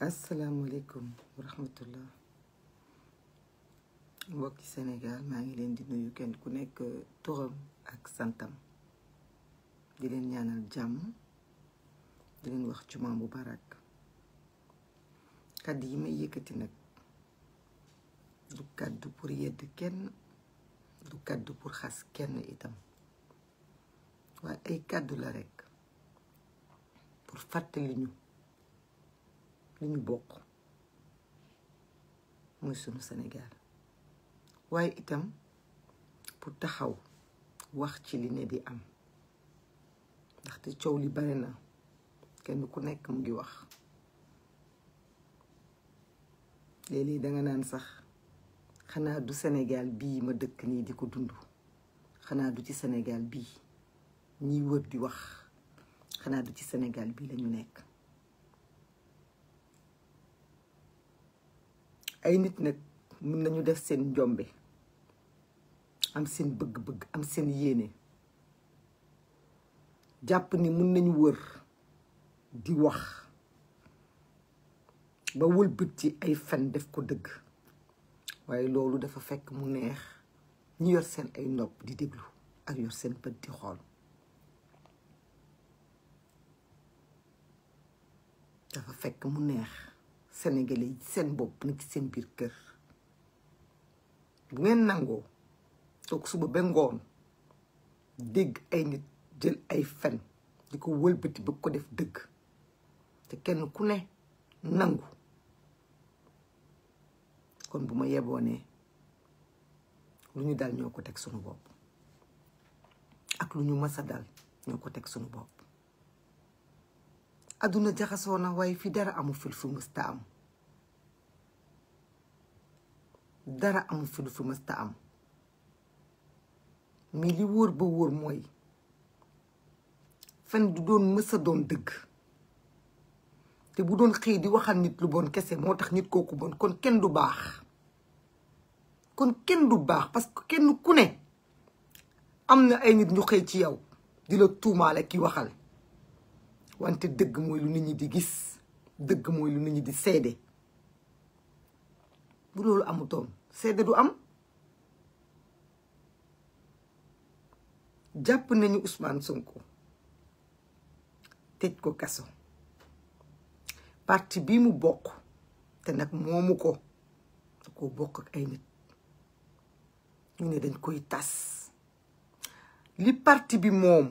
asalaamualeykum wa rahmatullah mbokki Sénégal maa ngi leen di nuyu kenn ku nekk turam ak santam di leen ñaanal jàmm di leen wax jumaa bu barak kàddu yi may yëkkati nag du kàddu pour yedd kenn du kàddu pour xas kenn itam waaye ay kàddu la rekk pour fàttali ñu li ñu bokk mooy sunu senegaal waaye itam bu taxaw wax ci li ne di am te coow li bare na kenn ku nekk mu ngi wax léeg-léeg danga naan sax xanaa du senegaal bii ma dëkk nii di ko dund xanaa du ci senegaal bii ñiy wër di wax xanaa du ci Sénégal bii lañu nekk ay nit nag mën nañu def seen njombe am seen bëgg-bëgg am seen yéene jàpp ni mën nañu wër di wax ba wëlbët ci ay fen def ko dëgg waaye loolu dafa fekk mu neex ñi yor seen ay nopp di déglu ak yor seen pët di xool dafa fekk mu neex sénégalais yi seen bopp na ci seen biir kër bu ngeen nangoo toog suba ba ngoon dégg ay nit jël ay fen di ko wëlbati ba ko def dëgg te kenn ku ne nangu kon bu ma yeboonee lu ñu dal ñoo ko teg sunu bopp ak lu ñu masa dal ñoo ko teg sunu bopp àdduna jaxasoo na waaye fii dara amu fil fu dara amu fil fu mësta am mais li mooy fen du doon mësa doon dëgg te bu doon xëy di waxal nit lu bon kese moo tax nit kooku bon kon kenn du baax kon kenn du baax parce que kenn ku ne am na ay nit ñu xëy ci yow di la tuumaale ki waxal wante dëgg mooy lu nit ñi di gis dëgg mooy lu nit ñi di seede bu loolu amutoon seede du am jàpp nañu usmaan Sonko tëj ko kaso parti bi mu bokk te nag moomu ko da koo bokk ak ay nit ñu ne dañ koy tas li parti bi moom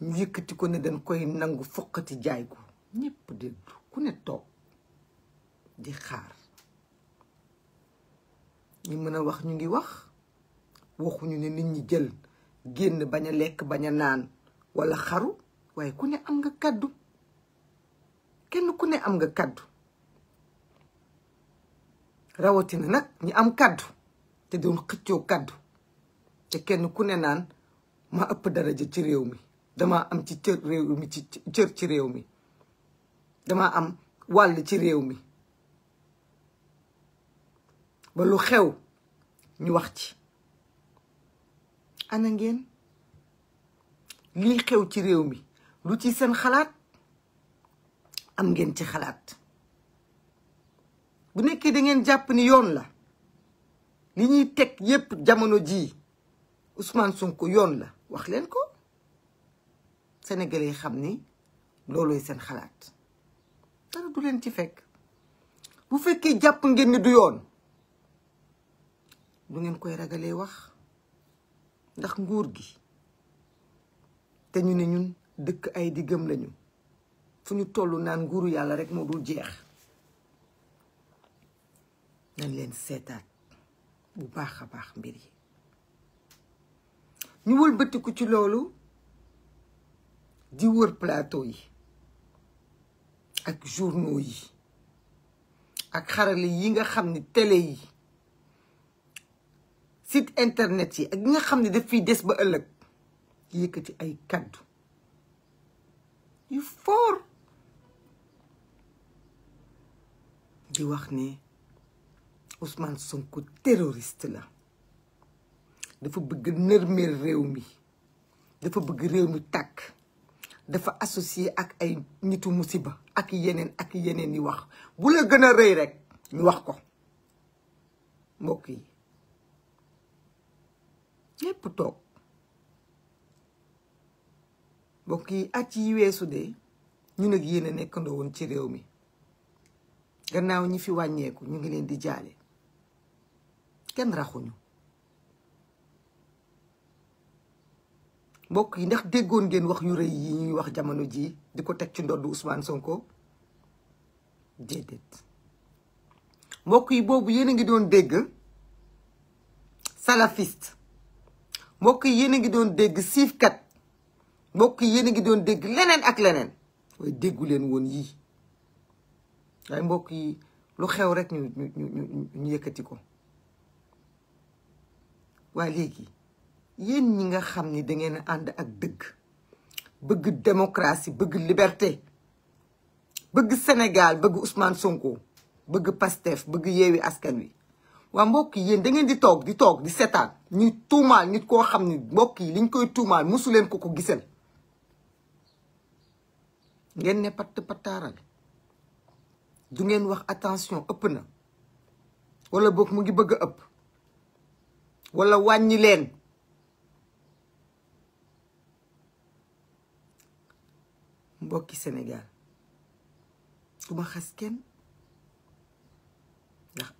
ñu yëkkati ko ne dañ koy nangu foqati jaay ko ñëpp déglu ku ne toog di xaar ñu mën a wax ñu ngi wax waxuñu ne nit ñi jël génn bañ a lekk bañ a naan walla xaru waaye ku ne am nga kàddu kenn ku ne am nga kàddu rawatina nag ñi am kàddu te doon xëccoo kàddu te kenn ku ne naan ma ëpp daraja ci réew mi damaa am ci cër ci réew mi dama am wàll ci réew mi ba lu xew ñu wax ci ana ngeen lii xew ci réew mi lu ci seen xalaat am ngeen ci xalaat bu nekkee da ngeen jàpp ni yoon la li ñuy teg yépp jamono jii Ousmane Sonko yoon la wax leen ko Sénégalais yi xam ni loolooy seen xalaat dara du leen ci fekk bu fekkee jàpp ngeen ni du yoon lu ngeen koy ragalee wax ndax nguur gi te ñu ne ñun dëkk ay diggam lañu fu ñu toll naan nguuru yàlla rek moo dul jeex nañ leen seetaat bu baax a baax mbir yi ñu wëlbatiku ci loolu di wër plateau yi ak journaux yi ak xarale yi nga xam ni télé yi site internet yi ak yi nga xam ne daf fiy des ba ëllëg yëkkati ay kàddu yu foor di wax ne Ousmane Sonko terroriste la dafa bëgg nërmeel réew mi dafa bëgg réew mi tàkk dafa associé ak ay nitu musiba ak yeneen ak yeneen yi wax bu la gën a rëy rek ñu wax ko mbokk yi ñépp toog mbokk yi at yi weesu de ñu ak yéen a nekkandoo woon ci réew mi gannaaw ñi fi wàññeeku ñu ngi leen di jaale kenn raxuñu mbokk yi ndax déggoon ngeen wax yu rëy yi ñuy wax jamono jii di ko teg ci ndodd Ousmane Sonko déedéet mbokk yi boobu yéen a ngi doon dégg salafiste mbokk yéen a ngi doon dégg siifkat mbokk yi yéen a ngi doon dégg leneen ak leneen waaye déggu leen woon yi waaye mbokk yi lu xew rek ñu ñu ñu ñu yëkkati ko waaye léegi. yéen ñi nga xam ni dangeen ngeen ànd ak dëgg bëgg démocratie bëgg liberté bëgg Sénégal bëgg Ousmane Sonko bëgg Pastef bëgg Yewwi Askan Wi waa mbokk yi yéen da di toog di toog di seetaan ñuy tuumaal nit koo xam ni mbokk yi liñ koy tuumaal mosu ko ko gisal ngeen ne patt pattaaral du ngeen wax attention ëpp na wala boog mu ngi bëgg a ëpp wala wàññi leen. mbokki Sénégal du ma xas kenn ndax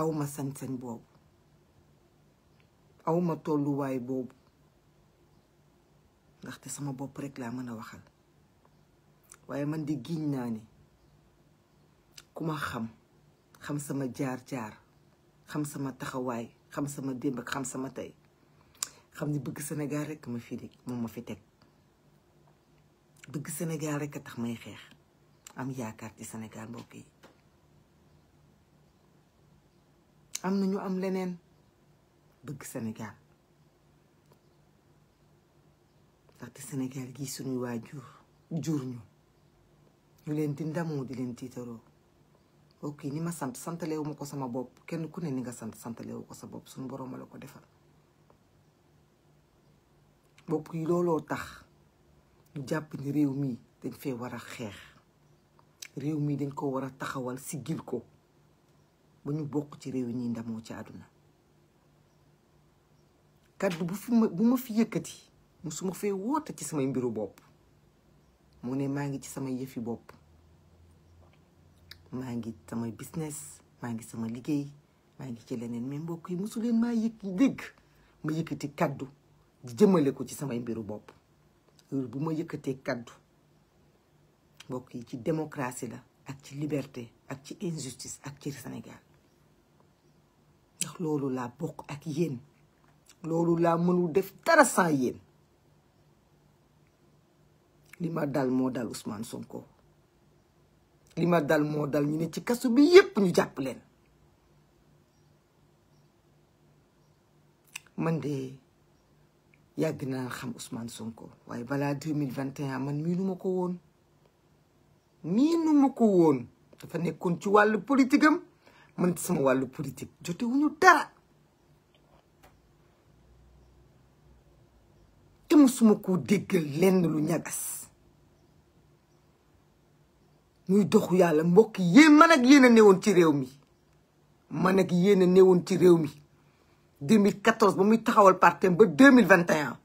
awma sañ-sañ boobu awma tolluwaay boobu ndaxte sama bopp rek laa mën a waxal waaye man di giñ naa ni ku ma xam xam sama jaar-jaar xam sama taxawaay xam sama démb ak xam sama tay xam ni bëgg Sénégal rekk ma fi moom ma fi teg bëgg Sénégal rekk a tax may xeex am yaakaar ci Sénégal mbokk yi am na ñu am leneen bëgg Sénégal ndaxte Sénégal gi suñuy waajur jur ñu ñu leen di ndamoo di leen tiitaroo mbokk yi ni ma sant santalewu ma ko sama bopp kenn ku ne ni nga sant santalewu ko sa bopp suñu boroom la ko defal mbokk yi looloo tax ñu jàpp ni réew mi dañ fee war a xeex réew mi dañ koo war a taxawal siggil ko ba ñu bokk ci réew ñi ndamoo ci àdduna kaddu bu fi ma bu ma fi yëkkati musuma fee woote ci samay mbiru bopp moo ne maa ngi ci samay yëfi bopp maa ngi sama business maa ngi sama liggéey maa ngi ci leneen mais mbokk yi musu maa yëkk dégg ma yëkkati kaddu jëmale ko ci samay mbiru bopp heure bu ma yëkkatee kaddu mbokk yi ci démocratie la ak ci liberté ak ci injustice ak ci Sénégal ndax loolu laa bokk ak yéen loolu laa mënul def dara yéen li ma dal moo dal Ousmane Sonko li ma dal moo dal ñu ne ci kasu bi yépp ñu jàpp leen man de yàgg naa xam Ousmane Sonko waaye balaa deux mille vingt et un man ma ko woon miinuma ko woon dafa nekkoon ci wàllu politique am man sama wàllu politique jotewuñu dara te suma ko déggal lenn lu ñagas ñuy doxu yàlla mbokk yéen man ak yéen a newoon ci réew mi man yéen a ci réew mi 2014 ba muy taxawal partem ba 2021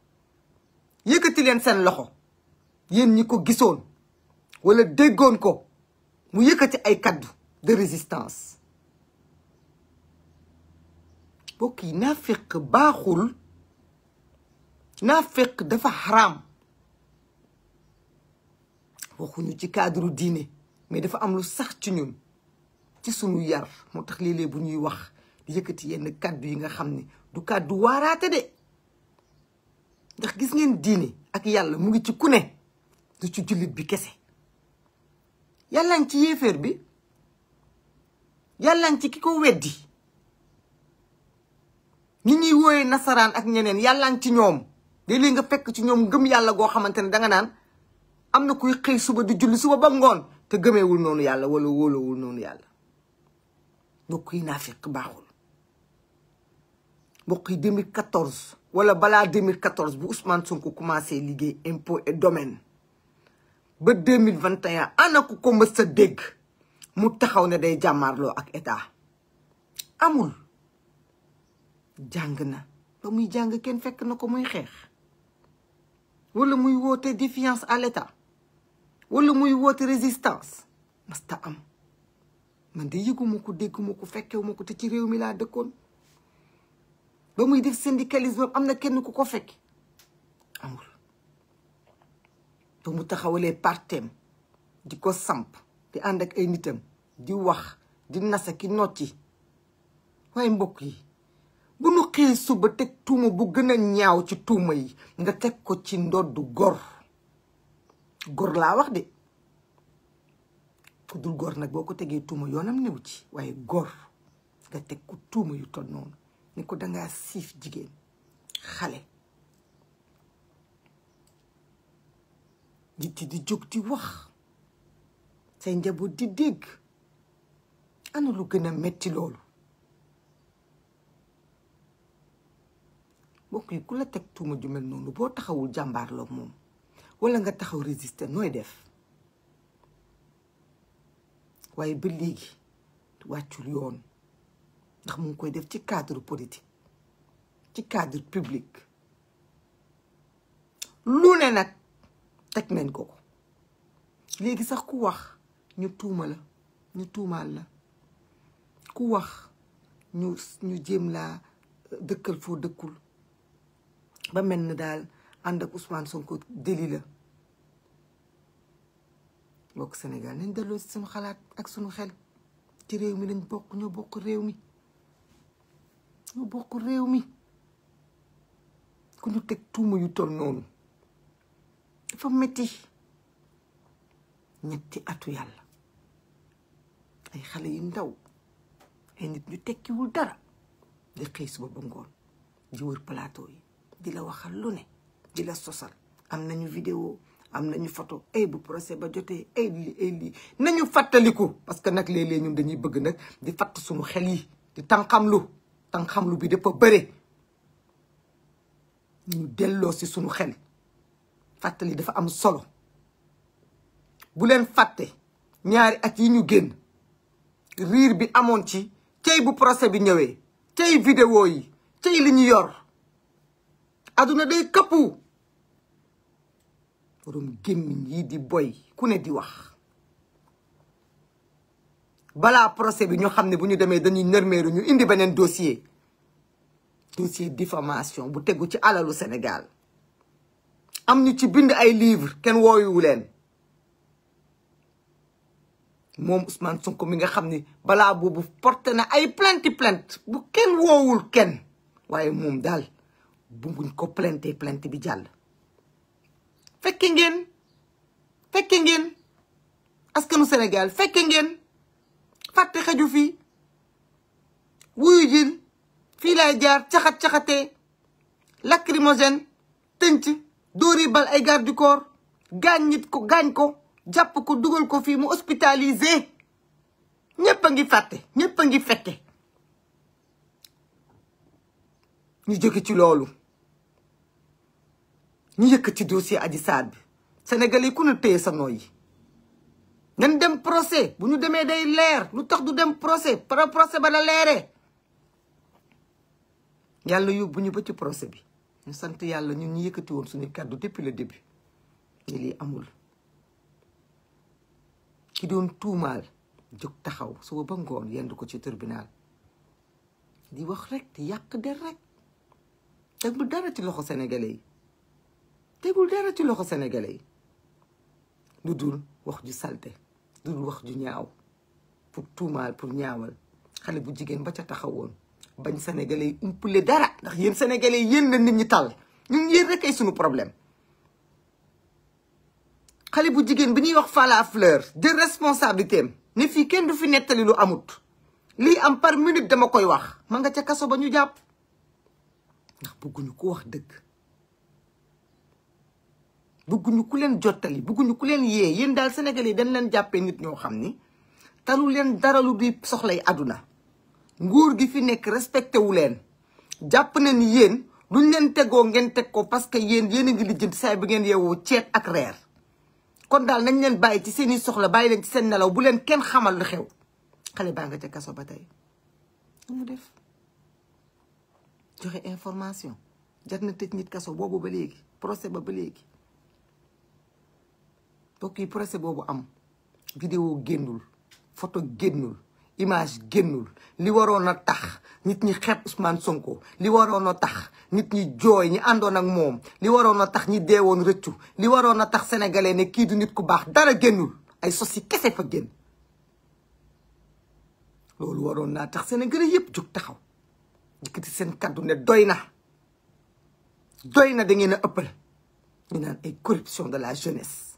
yëkkati leen seen loxo yéen ñi ko gisoon wala déggoon ko mu yëkkati ay kaddu de résistance bokk yi naaféq baaxul naaféq dafa xaraam waxuñu ci cadre diine mais dafa am lu sax ci ñun ci sunu yar moo tax léeg-léeg bu ñuy wax yëkkati yenn kàddu yi nga xam ni du kàddu waaraate de ndax gis ngeen diine ak yàlla mu ngi ci kune du ci jullit bi kese yàllan ci yéeféer bi yàllan ci ki ko weddi ñi ñuy wooyee nasaraan ak ñeneen yàllan ci ñoom de lii nga fekk ci ñoom gëm yàlla goo xamante ne danga naan am na kuy xëy suba di julli suba ba ngoon te gëmeewul noonu yàlla wala wóolowul noonu yàlla bokk yi naa fekk baaxul mbokk yi 2014 wala balaa deux 2014 bu Ousmane Sonko commencé liggéey impôt et domaine ba 2021 ana ku ko mës a dégg mu taxaw ne day jàmmaarloo ak état amul jàng na ba muy jàng kenn fekk na ko muy xeex wala muy woote défiance à l'état wala muy woote résistance sta am man de yëguma ko ku ko fekkewuma ko te ci réew mi laa dëkkoon ba muy def syndicalisme am na kenn ku ko fekk amul ba mu taxawalee partem di ko samp di ànd ak ay nitam di wax di nasa ki nocci waaye mbokk yi bu nu xëyee suba teg tuuma bu gën a ñaaw ci tuuma yi nga teg ko ci ndoddu gor gor laa wax de ku dul gor nag boo ko tegee tuuma yoonam new ci waaye gor nga teg ku tuuma yu toll noonu ni ko dangaa siif jigéen xale di di jóg di wax say njaboot di dégg ana lu gën a metti loolu mbokk yi ku la teg tuuma ju mel noonu boo taxawul jàmbaarloo moom wala nga taxaw résister nooy def waaye ba léegi wàccul yoon ndax mu ngi koy def ci cadre politique ci cadre public lu ne nag teg nañ ko ko léegi sax ku wax ñu tuuma la ñu tuumaal la ku wax ñu ñu jéem laa euh, dëkkal foo dëkkul ba mel ni daal ànd ak Ousmane Sonko déli la bokk Sénégal nañ delloo si suñu xalaat ak suñu xel ci réew mi lañ bokk ñoo bokk réew mi ñoo oh, bokk réew mi ku ñu teg tuuma yu tol noonu dafa metti ñetti atu yàlla ay xale yu ndaw ay nit ñu tekkiwul dara di xëy suba ba ngoon di wër plateau yi di la waxal lu ne di la sosal am nañu vidéo am nañu photo ay bu procès ba jotee ay lii ay lii nañu fàttaliku parce que nag léeg-léeg ñun dañuy bëgg nag di fatt sumu xel yi di tànqamlu tan xam lu bi dafa bëre ñu delloo si sunu xel fàttali dafa am solo bu leen fàtte ñaari at yi ñu génn riir bi amoon ci tey bu procès bi ñëwee tey vidéo yi tey li ñu yor aduna day këppu borom gémmiñ yi di boy ku ne di wax balaa procès bi ñu xam ne bu ñu demee dañuy nërmeeru ñu indi beneen dossier dossier diffamation bu tegu ci alalu Sénégal am ñu ci bind ay livre kenn wooyuwu leen moom Ousmane Sonko mi nga xam ni balaa boobu porte na ay plainte plainte bu kenn woowul kenn waaye moom daal bunguñ ko plainte plainte bi jàll fekke ngeen fekke ngeen askanu Sénégal fekke ngeen fàtte xaju fii wuyu jil fii laay jaar caxat-caxatee lacrymogène tënc dóori bal ay garde du corps gaañ ko gaañ ko jàpp ko dugal ko fii mu hospitalisé ñëpp a ngi fàtte ñëpp a ngi fekke ñu jóge ci loolu ñu yëkkati dossier Adji Sarr bi Sénégal yi ku ne téye sa nañ dem procès bu ñu demee day leer lu tax du dem procès par procès ba la leeree yàlla yóbbu ñu ba ci procès bi ñu sant yàlla ñu ñu yëkkati woon suñu kàddu depuis le début ni lii amul ki doon tuumaal jóg taxaw suba ba ngoon yendu ko ci tribunal di wax rek di yàq der rek tegul dara ci loxo sénégalais yi tegul dara ci loxo sénégalais yi lu dul wax ju salte dul wax ju ñaaw pour tuumaal pour ñaawal xale bu jigéen ba ca taxawoon bañ sénégalais yi umpule dara ndax yéen sénégalais yéen na nit ñu tàll ñun yéen rek ay suñu problème xale bu jigéen bi ñuy wax Falla Fleur de responsabilité am ne fii kenn du fi nettali lu amut lii am par minute dama koy wax ma nga ca kaso ba ñu jàpp ndax bëgguñu ko wax dëkk bëgguñu ku leen jottali bëgguñu ku leen yee yéen daal yi dañ leen jàppee nit ñoo xam ni talu leen dara lu di soxlay àdduna nguur gi fi nekk respecté wu leen jàpp na ni yéen luñ leen tegoo ngeen teg ko parce que yéen yéen a ngi lijjanti saay bi ngeen yeewoo ceeb ak reer kon daal nañ leen bàyyi ci seeni soxla bàyyi leen ci seen nelaw bu leen kenn xamal lu xew xale baa nga ca kaso ba tey mu def joxe information jar na tëj nit kaso boobu ba léegi procès ba ba léegi mbokk yi procès boobu am vidéo génnul photo génnul image génnul li waroon a tax nit ñi xeeb Ousmane Sonko li waroon a tax nit ñi jooy ñi àndoon ak moom li waroon a tax ñi deewoon rëccu li waroon a tax ne kii du nit ku baax dara génnul ay sos yi kese fa génn loolu waroon naa tax sénégalais yëpp jug taxaw yëkkati seen kàddu ne doy na doy na da ngeen a ëppal naan ay corruption de la jeunesse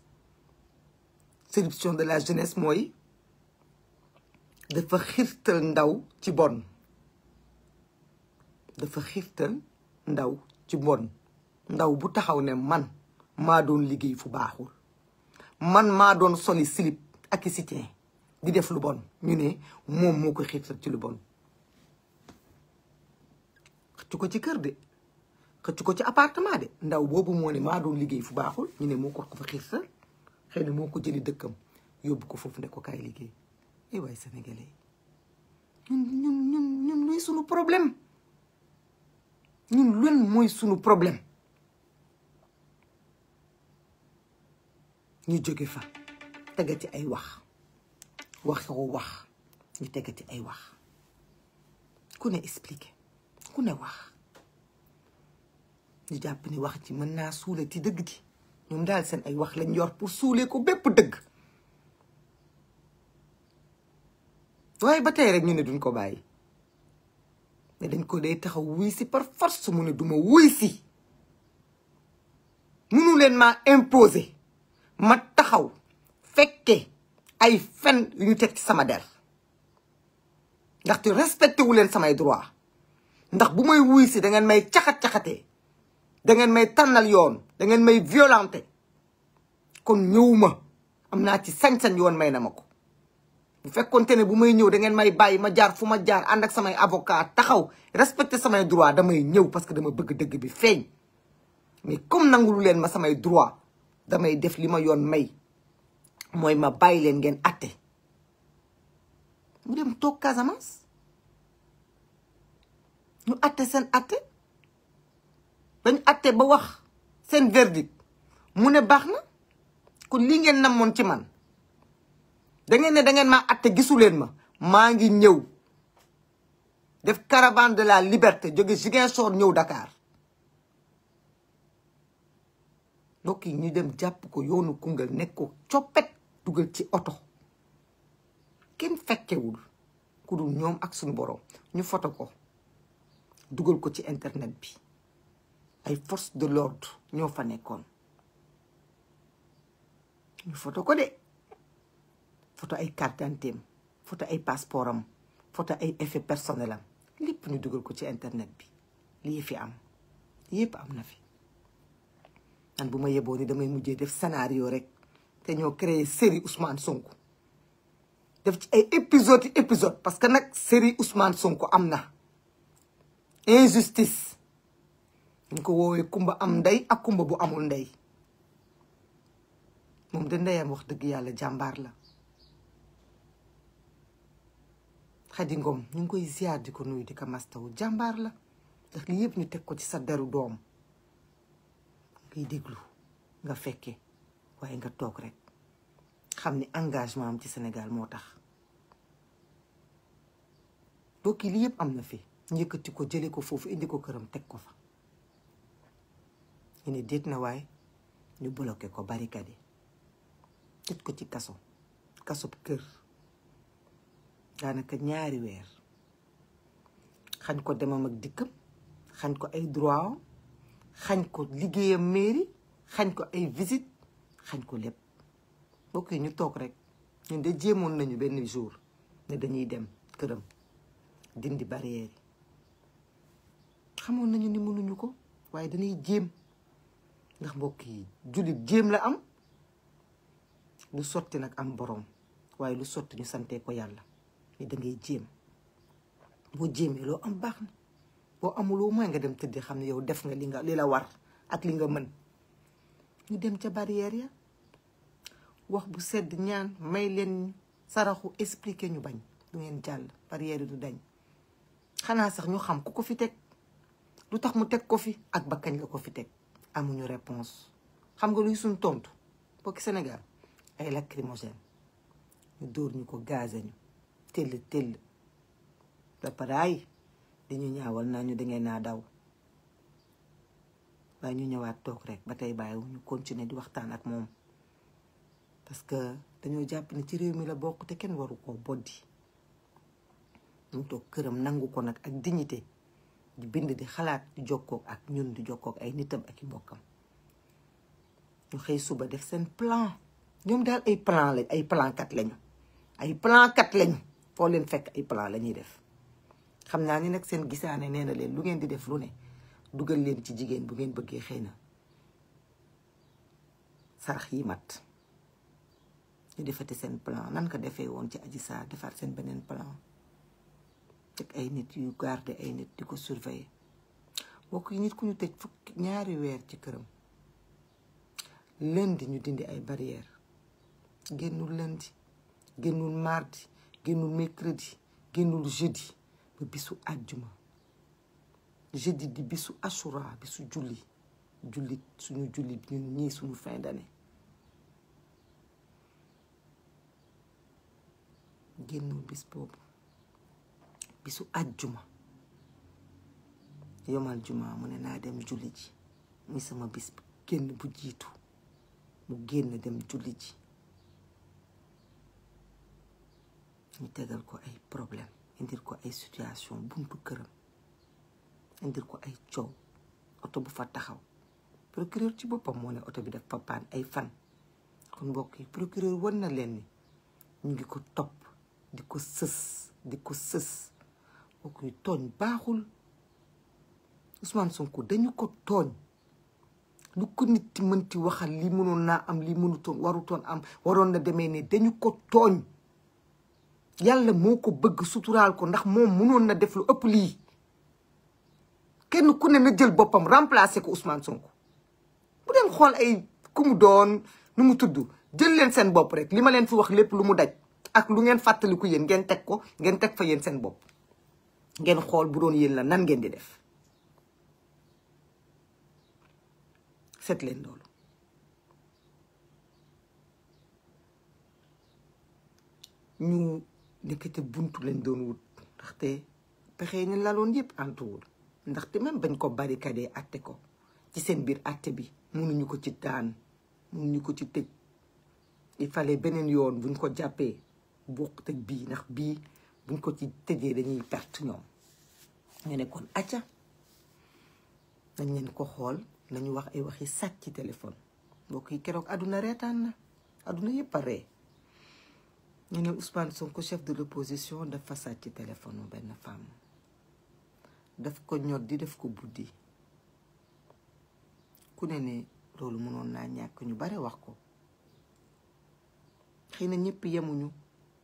séduction de la jeunesse mooy dafa xiirtal ndaw ci bon dafa xiirtal ndaw ci bon ndaw bu taxaw ne man maa doon liggéey fu baaxul man maa doon soli slip ak i citien di def lu bon ñu ne moom moo ko xiirtal ci lu bon xëcc ko ci kër de xëcc ko ci appartement de ndaw boobu moo ne maa doon liggéey fu baaxul ñu ne moo ko ko fa xiirtal xëy na moo ko jëli dëkkam yóbbu ko foofu nekku ko kaay liggéey eh waay sénégalais ñun ñun ñun ñun looy sunu problème ñun loolu mooy sunu problème ñu jóge fa tegati ay wax wax waxewu wax ñu tegati ay wax ku ne expliqué wax ñu jàpp ni wax ci mën naa suula ci dëgg gi ñoom daal seen ay wax lañ yor pour suulee ko bépp dëgg waaye ba tey rek ñu ne ko bàyyi ne dañ ko day taxaw wuy si par force mune ne duma wuy si munu leen maa imposer ma taxaw fekke ay fen yu ñu teg ci sama der ndaxte respecté wu leen samay droit ndax bu may wuy si da ngeen may caxat-caxatee da ngeen may tànnal yoon da ngeen may violenter kon ñëwuma am naa ci sañ-sañ yoon may na ma ko bu fekkonte ne bu may ñëw da ngeen may bàyyi ma jaar fu ma jaar ànd ak samay avocat taxaw respecter samay droit damay ñëw parce que dama bëgg dëgg bi feeñ mais comme nangulu leen ma samay droit damay def li ma yoon may mooy ma bàyyi leen ngeen atte mu dem toog Casamance ñu atte seen atte dañ atte ba wax seen verdict mu ne baax na kon lii ngeen namoon ci man da ne dangeen ngeen maa atte gisuleen ma maa ngi ñëw def caravane de la liberté jóge Ziguinchor ñëw Dakar mbokk yi ñu dem jàpp ko yoonu Koungheul nekk coppet dugal ci oto kenn fekkewul ku dul ñoom ak suñu boroom ñu foto ko dugal ko ci internet bi ay force de l'ordre ñoo fa nekkoon ñu foto ko de foto ay carte d'identité foto ay passeport foto ay effet personnel lépp ñu dugal ko ci internet bi lii fi am yëpp am na fi man bu ma yeboo ni damay mujjee def scénario rek te ñoo créé seri Ousmane Sonko def ci ay épisode yi parce que nag seri Ousmane Sonko am na injustice ñu ko woowee kumba am ndey ak kumba bu amul ndey moom de ndeyam wax dëgg yàlla jàmbaar la Xadi Ngom ñu ngi koy ziar di ko nuyu di ko mastawu jàmbaar la ndax li yëpp ñu teg ko ci sa deru doom ngay déglu nga fekke waaye nga toog rek xam ni engagement am ci Sénégal moo tax bokki li yëpp am na fi ñu yëkkati ko jële ko foofu indi ko këram teg ko fa ñu ne déet na waaye ñu bloqué ko barricade tëj ko ci kaso kasob kër daanaka ñaari weer xañ ko demam ak dikkam xañ ko ay droit am xañ ko liggéeyam mairie xañ ko ay visit xañ ko lépp bokk ñu toog rek ñun de jéemoon nañu benn jour ne dañuy dem këram dindi barrière xamoon nañu ni mënuñu ko waaye dañuy jéem ndax mbokk yi jullit jéem la am lu sotti nag am boroom waaye lu sotti ñu sante ko yàlla mais dangay ngay jéem boo jéemee loo am baax na boo amuloo mooy nga dem tëdd xam ne yow def nga li nga li la war ak li nga mën ñu dem ca barrière ya wax bu sedd ñaan may leen saraxu expliquer ñu bañ du ngeen jàll barrière yi du dañ xanaa sax ñu xam ku ko fi teg lu tax mu teg ko fi ak bakkañ la ko fi teg amuñu réponse xam nga luy suñ tontu bokki Sénégal ay lacrymogène ñu dóor ñu ko gazé ñu tëll tëll ba paraay dañu ñaawal naa ñu dangeen naa daw waaye ñu ñëwaat toog rek ba tey bàyyi ñu di waxtaan ak moom parce que dañoo jàpp ni ci réew mi la bokk te kenn waru koo boddi mu toog këram nangu ko nag ak dignité di bind di xalaat di jokkook ak ñun di jokkook ay nitam ak i mbokkam ñu xëy suba def seen plan ñoom daal ay plan lañ ay plan kat lañu ay plan kat lañu foo leen fekk ay plan la ñuy def xam naa ni nag seen gisaane nee na leen lu ngeen di def lu ne dugal leen ci jigéen bu ngeen bëggee xëy na sarax yi mat ñu defati seen plan nan ko defee woon ci aji Sarr defaat seen beneen plan teg ay nit yu garder ay nit di ko surveiller mbokk yi nit ku ñu tëj fukki ñaari weer ci këram lundi ñu dindi ay barrière génnul lundi génnul mardi génnul mercredi génnul jeudi ba bisu àjjuma jeudi di bisu asura bisu julli julli suñu julli bi ñun ñii suñu fin d'année génnul bis boobu bisu ajjuma yomal juma mu ne naa dem julli ji muy sama bis génn bu jiitu mu génn dem julli ji ñu tegal ko ay problème indil ko ay situation buntu këram indil ko ay coow oto bu fa taxaw procureur ci boppam moo ne oto bi def papaan ay fan kon mbokk yi procureur wan na leen ni ñu ngi ko topp di ko sës di ko sës kooku ñu tooñ baaxul Ousmane Sonko dañu ko tooñ lu ko nit mënti waxal li mënoon naa am lii mënutoon warutoon am waroon na demee ne dañu ko tooñ yàlla moo ko bëgg suturaal ko ndax moom mënoon na def lu ëpp lii kenn ku ne na jël boppam remplacer ko Ousmane Sonko bu dem xool ay ku mu doon nu mu tudd jël leen seen bopp rek li ma leen fi wax lépp lu mu daj ak lu ngeen fàttaliku yéen ngeen teg ko ngeen teg fa yeen seen bopp ngeen xool bu doon yéen la nan ngeen di def seet leen loolu ñu nekkete buntu leen doon wut ndaxte pexe ni laloon yépp antuwul ndaxte même bañ ko barricade atte ko ci seen biir atte bi mënuñu ko ci daan mënuñu ko ci tëj i fale beneen yoon buñ ko jàppee bokk tëj bii ndax bii buñ ko ci tëjee dañuy perte ñoom ne kon acca dañ leen ko xool lañu wax ay waxi sàcc ci téléphone mbokk yi keroog àdduna reetaan àdduna yëpp a ñu ne Ousmane Sonko chef de l'opposition dafa sàcc ci téléphone benn femme daf ko ñor di def ko buddi ku ne ne loolu mënoon naa ñàkk ñu bare wax ko xëy na ñëpp yemuñu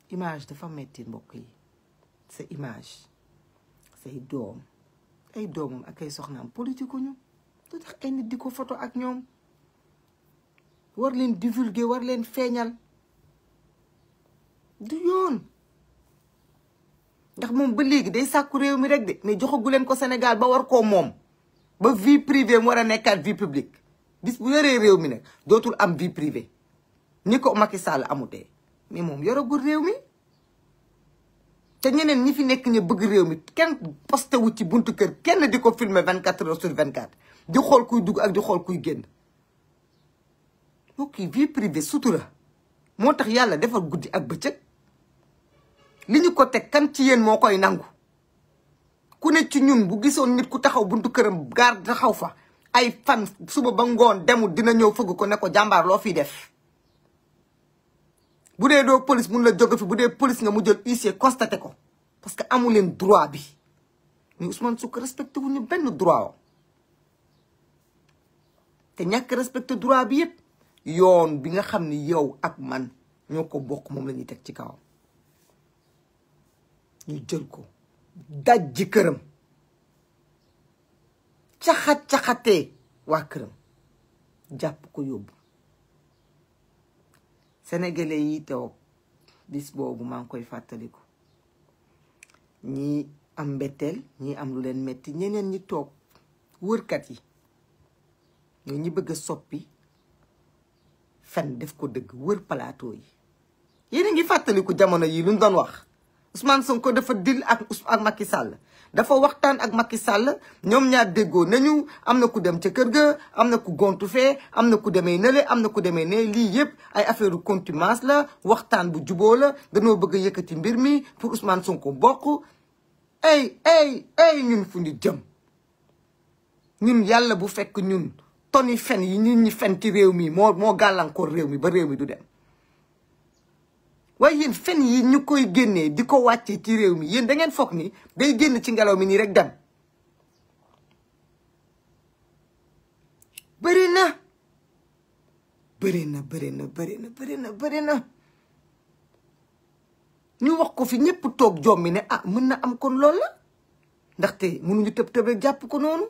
image dafa metti mbokk yi sa image say doom ay doom ak ay soxnaam politiku ñu lu tax ay nit di ko photo ak ñoom war leen divulguer war leen feeñal du yoon ndax moom ba léegi day sàkku réew mi rek de mais joxagu leen ko Sénégal ba war koo moom ba vie privée mu war a nekkaat vie publique bis bu yoree réew mi nag dootul am vie privée ni ko Macky Sall amutee moom yoragul réew mi te ñeneen ñi fi nekk ñu bëgg réew mi kenn posté wu ci buntu kër kenn di ko filmer vingt quatre heures sur vingt quatre di xool kuy dugg ak di xool kuy génn bokki vie privée sutura moo tax yàlla defar guddi ak bëccëg li ñu ko teg kan ci yéen moo koy nangu ku ne ci ñun bu gisoon nit ku taxaw buntu këram gaar taxaw fa ay fan suba ba ngoon demul dina ñëw fëgg ko ne ko jàmbaar loo fiy def bu dee doo police mun la jóge fi bu dee police nga mu jël huissier constaté ko parce que amu leen droit bi mais Ousmane Sonko respecté wu ñu benn droit am te ñàkk respecté droit bi yëpp yoon bi nga xam ni yow ak man ñoo ko bokk moom la ñuy teg ci kawam ñu jël ko daj ji këram caxat caxatee waa këram jàpp ko yóbbu sénégalais yi toog bis boobu maa ngi koy fàttaliku ñii am mbetteel ñii am lu leen metti ñeneen ñi toog wërkat yi ñoo ñi bëgg a soppi fen def ko dëgg wër palaato yi yéen a ngi fàttaliku jamono yi lu ñu doon wax Ousmane ko dafa dil ak ak sàll dafa waxtaan ak Macky Sall ñoom ñaar déggoo nañu am na ku dem ca kër ga am na ku gontu fee am na ku demee nële am na ku demee ne lii yëpp ay affaire contimence la waxtaan bu juboo la dañoo bëgg a yëkkati mbir mi pour Ousmane Sonko bokk ay ay ay ñun fu ñu jëm ñun yàlla bu fekk ñun toni fen yi ñun ñi fen ci réew mi moo moo gàllankoor réew mi ba réew mi du dem waaye yéen fen yi ñu koy génnee di ko wàccee ci réew mi yéen da ngeen foog ni day génn ci ngelaw mi nii rek dem bëri na bëri na bëri na bëri na bëri na bëri na ñu wax ko fi ñëpp toog jommi ne ah mën na am kon lool la ndaxte mënuñu tëb tëb rek jàpp ko noonu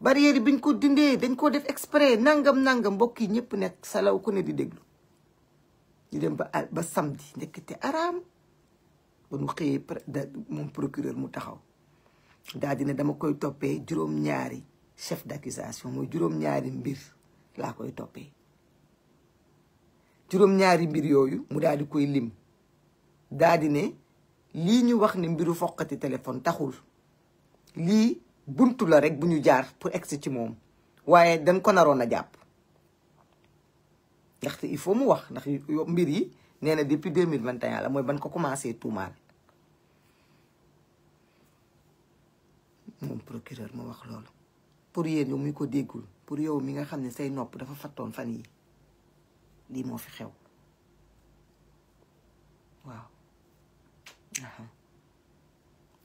barrière biñ ko dindee dañ ko def exprès nangam nangam mbokk yi ñëpp nekk salaw ko ne di déglu ñu dem ba ba samedi ndekkete araam ba mu xëyee moom procureur mu taxaw daal dina dama koy toppee juróom-ñaari chef d'accusation mooy juróom-ñaari mbir laa koy toppee juróom-ñaari mbir yooyu mu daal koy lim daal ne lii ñu wax ni mbiru foqati téléphone taxul lii buntu la rek bu ñu jaar pour egsi ci moom waaye dañ ko naroon a jàpp ndaxte il faut mu wax ndax mbir yi nee na depuis 2021 la mooy ban ko commencé tuumaal moom procureur ma wax loolu pour yéen yow mi ko déggul pour yow mi nga xam ne say nopp dafa fattoon fan yi lii moo fi xew waaw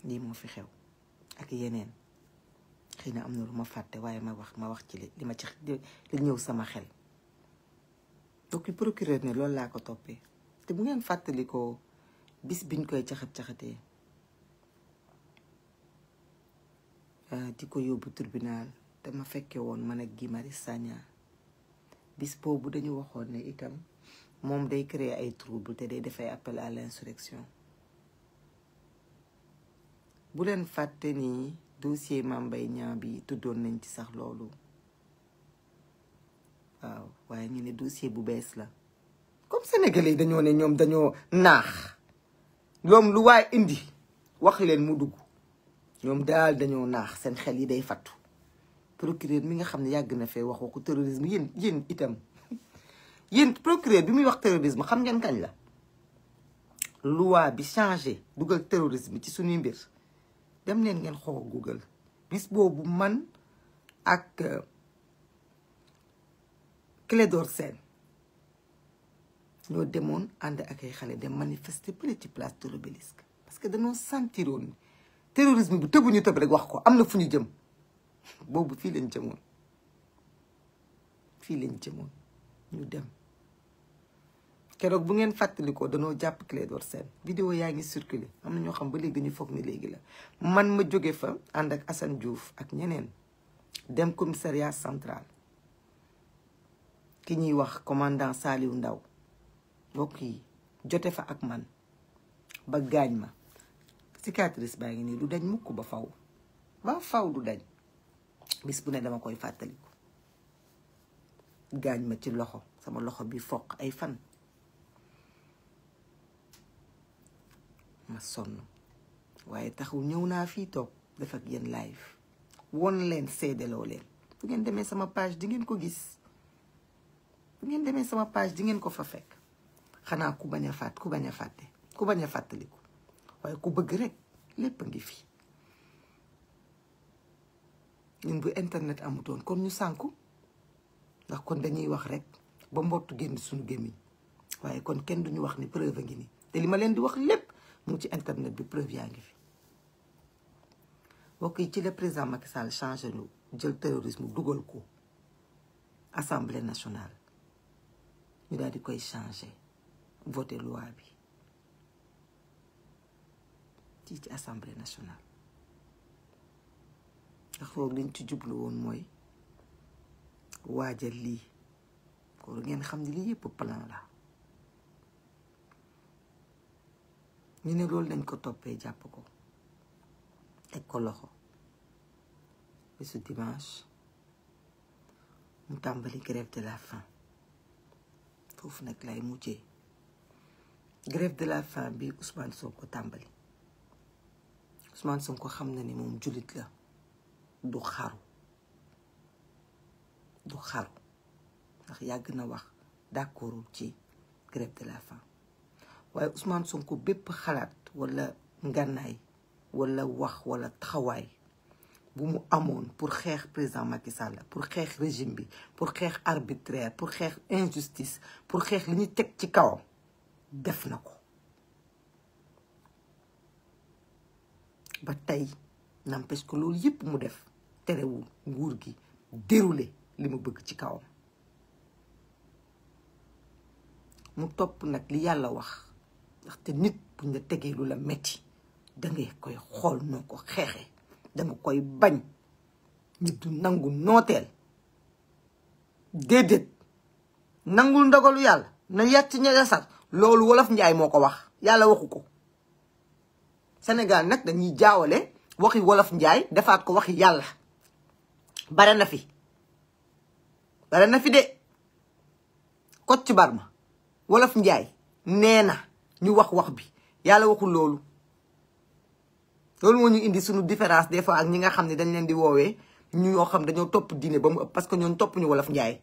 lii moo fi xew ak yeneen xëy na am na lu ma fàtte waaye ma wax ma wax ci li li ma ci li ñëw sama xel donc procureur ne loolu laa ko toppee te bu ngeen fàttali ko bis biñ koy caxat-caxatee euh, di ko yóbbu tribunal ma fekke woon man ak Guy Marius Sagna bis boobu dañu waxoon ne itam moom day créer ay trouble te day defay ay appel à l'insurrection bu leen fàtte ni dossier Mame Mbaye Niang bi tuddoon nañ ci sax loolu waaw waaye ñu ne dossier bu bees la comme sénégalais dañoo ne ñoom dañoo naax yoom lu waaye indi wax leen mu dugg ñoom daal dañoo naax seen xel yi day fattu procureur mi nga xam ne yàgg na fee wax waxu terrorisme yéen yéen itam yéen procureur bi muy wax terrorisme xam ngeen kañ la luwaa bi changé dugal terrorisme ci suñuy mbir dem leen ngeen xoo Google bis boobu man ak euh, Clédor Sène ñoo demoon ànd ak ay xale dem manifester bële ci place de l'Obélisque parce que dañoo sentiroon terrorisme bu tëbuñu tëb rek wax ko am na fu ñu jëm boobu fii lañ jëmoon fii lañ jëmoon ñu dem keroog bu ngeen fàttalikoo danoo jàpp Clédor Sène vidéo yaa ngi circulé am na ñoo xam ba léegi dañu foog ni léegi la man ma jóge fa ànd ak Assane Diouf ak ñeneen dem commissariat central ki ñuy wax commandant Saliou Ndaw mbokk yi jote fa ak man ba gaañ ma cicatrice baa ngi nii du dañ mukk ba faw ba faw du dañ bis bu ne dama koy fàttaliku gaañ ma ci loxo sama loxo bi foq ay fan ma sonn waaye taxul ñëw naa fii toog def ak yéen live won leen seedeloo leen bu ngeen demee sama page di ngeen ko gis bu ngeen demee sama page di ngeen ko fa fekk xanaa ku bañ a fàtt ku bañ a fàtte ku bañ a fàttaliku waaye ku bëgg rek lépp a ngi fi ñun bu internet amutoon kon ñu sànku ndax kon dañuy wax rek ba mbott génn suñu gémmiñ waaye kon kenn duñu wax ni preuve a ngi nii te li ma leen di wax lépp mu ci internet bi preuve yaa ngi fi mbokk yi ci la président Macky Sall changé ñu jël terrorisme dugal ko assemblée nationale ñu daal di koy changer voter loi bi ci ci assemblée nationale ndax foofu liñ ci jublu woon mooy waaja lii ko ngeen xam ni lii yëpp la ñu ne loolu lañ ko toppee jàpp ko teg ko loxo bisu dimanche mu tàmbali grève de la faim foofu nag lay mujjee grève de la faim bi soo Sonko tàmbali Ousmane Sonko xam na ni moom jullit la du xaru du xaru ndax yàgg na wax d'accordul ci grève de la faim waaye Ousmane Sonko bépp xalaat wala ngànnaay wala wax wala taxawaay bu mu amoon pour xeex président Macky la pour xeex régime bi pour xeex arbitraire pour xeex injustice pour xeex li ñu teg ci kawam def na ko ba tey n'empêche ko loolu yëpp mu def terewul nguur gi déroulé li mu bëgg ci kawam mu topp nag li yàlla wax ndaxte nit buñ la tegee lu la metti da koy xool noo ko xeexee dama koy bañ nit du nangu nooteel déedéet nangul ndogalu yàlla na yàcc ña yasar loolu wolof njaay moo ko wax yàlla waxu ko senegal nag dañuy jaawale waxi wolof njaay defaat ko waxi yàlla bare na fi bare na fi de Kocc Barma wolof njaay nee na ñu wax wax bi yàlla waxul loolu loolu moo ñu indi suñu différence des fois ak ñi nga xam ne dañ leen di woowee ñu ñoo xam dañoo topp diine ba mu ëpp parce que ñoom topp ñu wolof njaay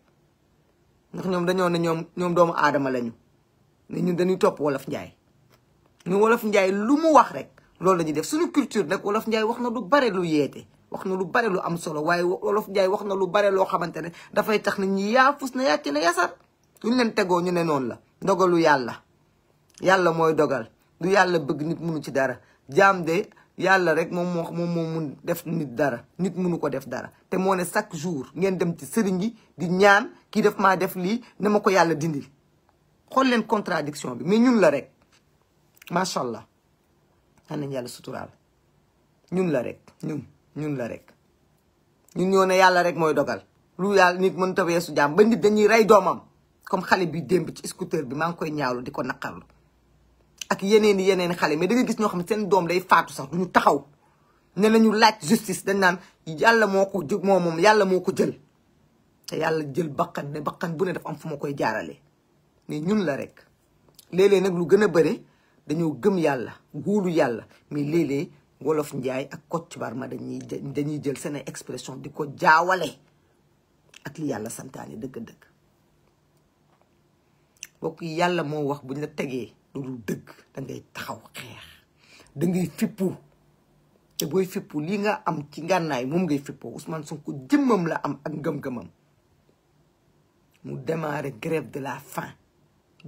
ndax ñoom dañoo ne ñoom ñoom doomu aadama lañu ne dañuy topp wolof njaay wolof njaay lu mu wax rek loolu la def suñu culture nag wolof njaay wax na lu bare lu yeete wax na lu bare lu am solo waaye wolof njaay wax na lu bare loo xamante ne dafay tax nit ñi yaafus na yàcc na yasar duñ leen tegoo ñu ne noonu la ndogalu yàlla yàlla mooy dogal du yàlla bëgg nit mënu ci dara jaam de yàlla rek moom moo moom moo mun def nit dara nit munu ko def dara te moo ne chaque jour ngeen dem ci sëriñ yi di ñaan kii def maa def lii na ma ko yàlla dindil xool leen contradiction bi mais ñun la rek macha allah xam nañ yàlla suturaal ñun la rek ñun ñun la rek ñun ñoo ne yàlla rek mooy dogal lu yàlla nit mën ta su jàmm ba nit dañuy rey doomam comme xale bi démb ci scooter bi maa ngi koy ñaawlu di ko naqarlu ak yeneen i xale mais da gis ñoo xam ne seen doom day faatu sax du ñu taxaw ne nañu laaj justice dañ naan yàlla moo ko moo moom yàlla moo ko jël te yàlla jël bakkan ne bu ne dafa am fu ma koy jaarale ne ñun la rek léeg nag lu gën a bëre dañoo gëm yàlla wóolu yàlla mais léeg-léeg wolof njaay ak Kocc Barma dañuy dañuy jël seen expression di ko jaawale ak li yàlla santaane dëgg-dëgg bokk yàlla moo wax buñ la tegee loolu dëgg da ngay taxaw xeex da fippu te booy fippu li nga am ci ngànnaay moom ngay fippoo Ousmane Sonko jëmmam la am ak ngëm-ngëmam mu démarré grève de la faim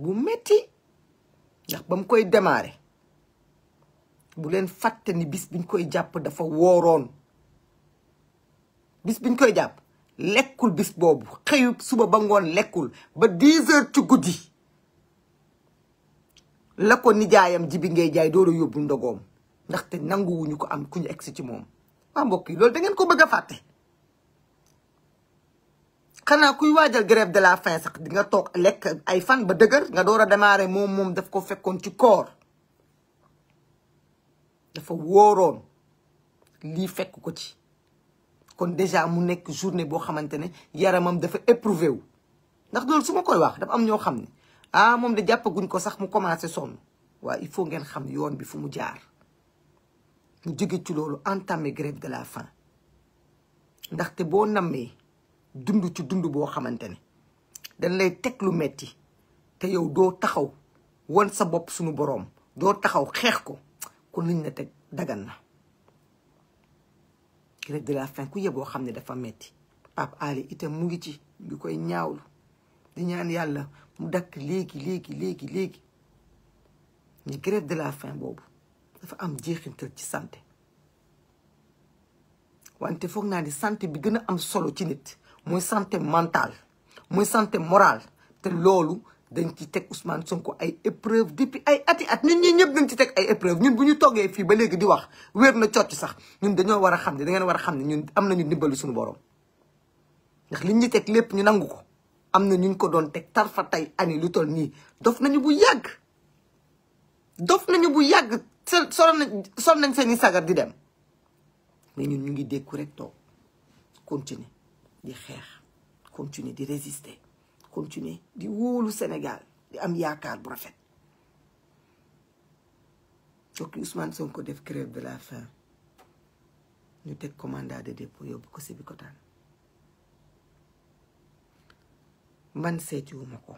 bu metti ndax ba mu koy démarré bu leen fatte ni bis biñ koy jàpp dafa wooroon bis biñ koy jàpp lekkul bis boobu xëyu suba ba ngoon lekkul ba dix heures ci guddi la ko nijaayam jibi ngay jaay door a yóbbul ndogoom ndaxte nanguwuñu ko am ku ñu egsi ci moom waa mbokk yi loolu da ngeen ko bëgg a fàtte xanaa kuy waajal grève de la faim sax di nga toog lekk ay fan ba dëgër nga door a démarrer moom moom daf ko fekkoon ci koor dafa wóoroon lii fekk ko ci kon déjà mu nekk journée boo xamante ne yaramam dafa éprouvé wu ndax loolu suma koy wax dafa am ñoo xam ne ah moom de jàppaguñ ko sax mu commencé sonn waaye il faut ngeen xam yoon bi fu mu jaar mu jóge ci loolu entamé grève de la faim ndaxte boo nammee dundu ci dundu boo xamante ne dañ lay teg lu metti te yow doo taxaw wan sa bopp suñu boroom doo taxaw xeex ko kon liñ la teg dagan na grève de la faim ku yeboo xam ne dafa metti Pape Ali itam mu ngi ci ngi koy ñaawlu di ñaan yàlla mu dakk léegi léegi léegi léegi mais de la faim boobu dafa am jeexintal ci santé wante foog naa ni santé bi gën a am solo ci nit mooy santé mentale mooy santé moral te loolu dañ ci teg Ousmane Sonko ay épreuve depuis ay ati at ñun ñii ñëpp dañ ci teg ay épreuve ñun bu ñu toggee fii ba léegi di wax wér na cocc sax ñun dañoo war a xam ne dangeen war a xam ne ñun am nañu ndimbalu suñu borom ndax liñ ñu teg lépp ñu nangu ko am na ñu ko doon teg fa tey ani lu toll nii dof nañu bu yàgg dof nañu bu yàgg sol nañ sol nañ seeni sagar di dem mais ñun ñu ngi dékku rek toog continuer di xeex continuer di résister continue di wóolu Sénégal di am yaakaar bu rafet donc Ousmane ko def grève de la faim ñu teg mandat de dépôt yóbbu ko Sébikotane man seetiwuma ko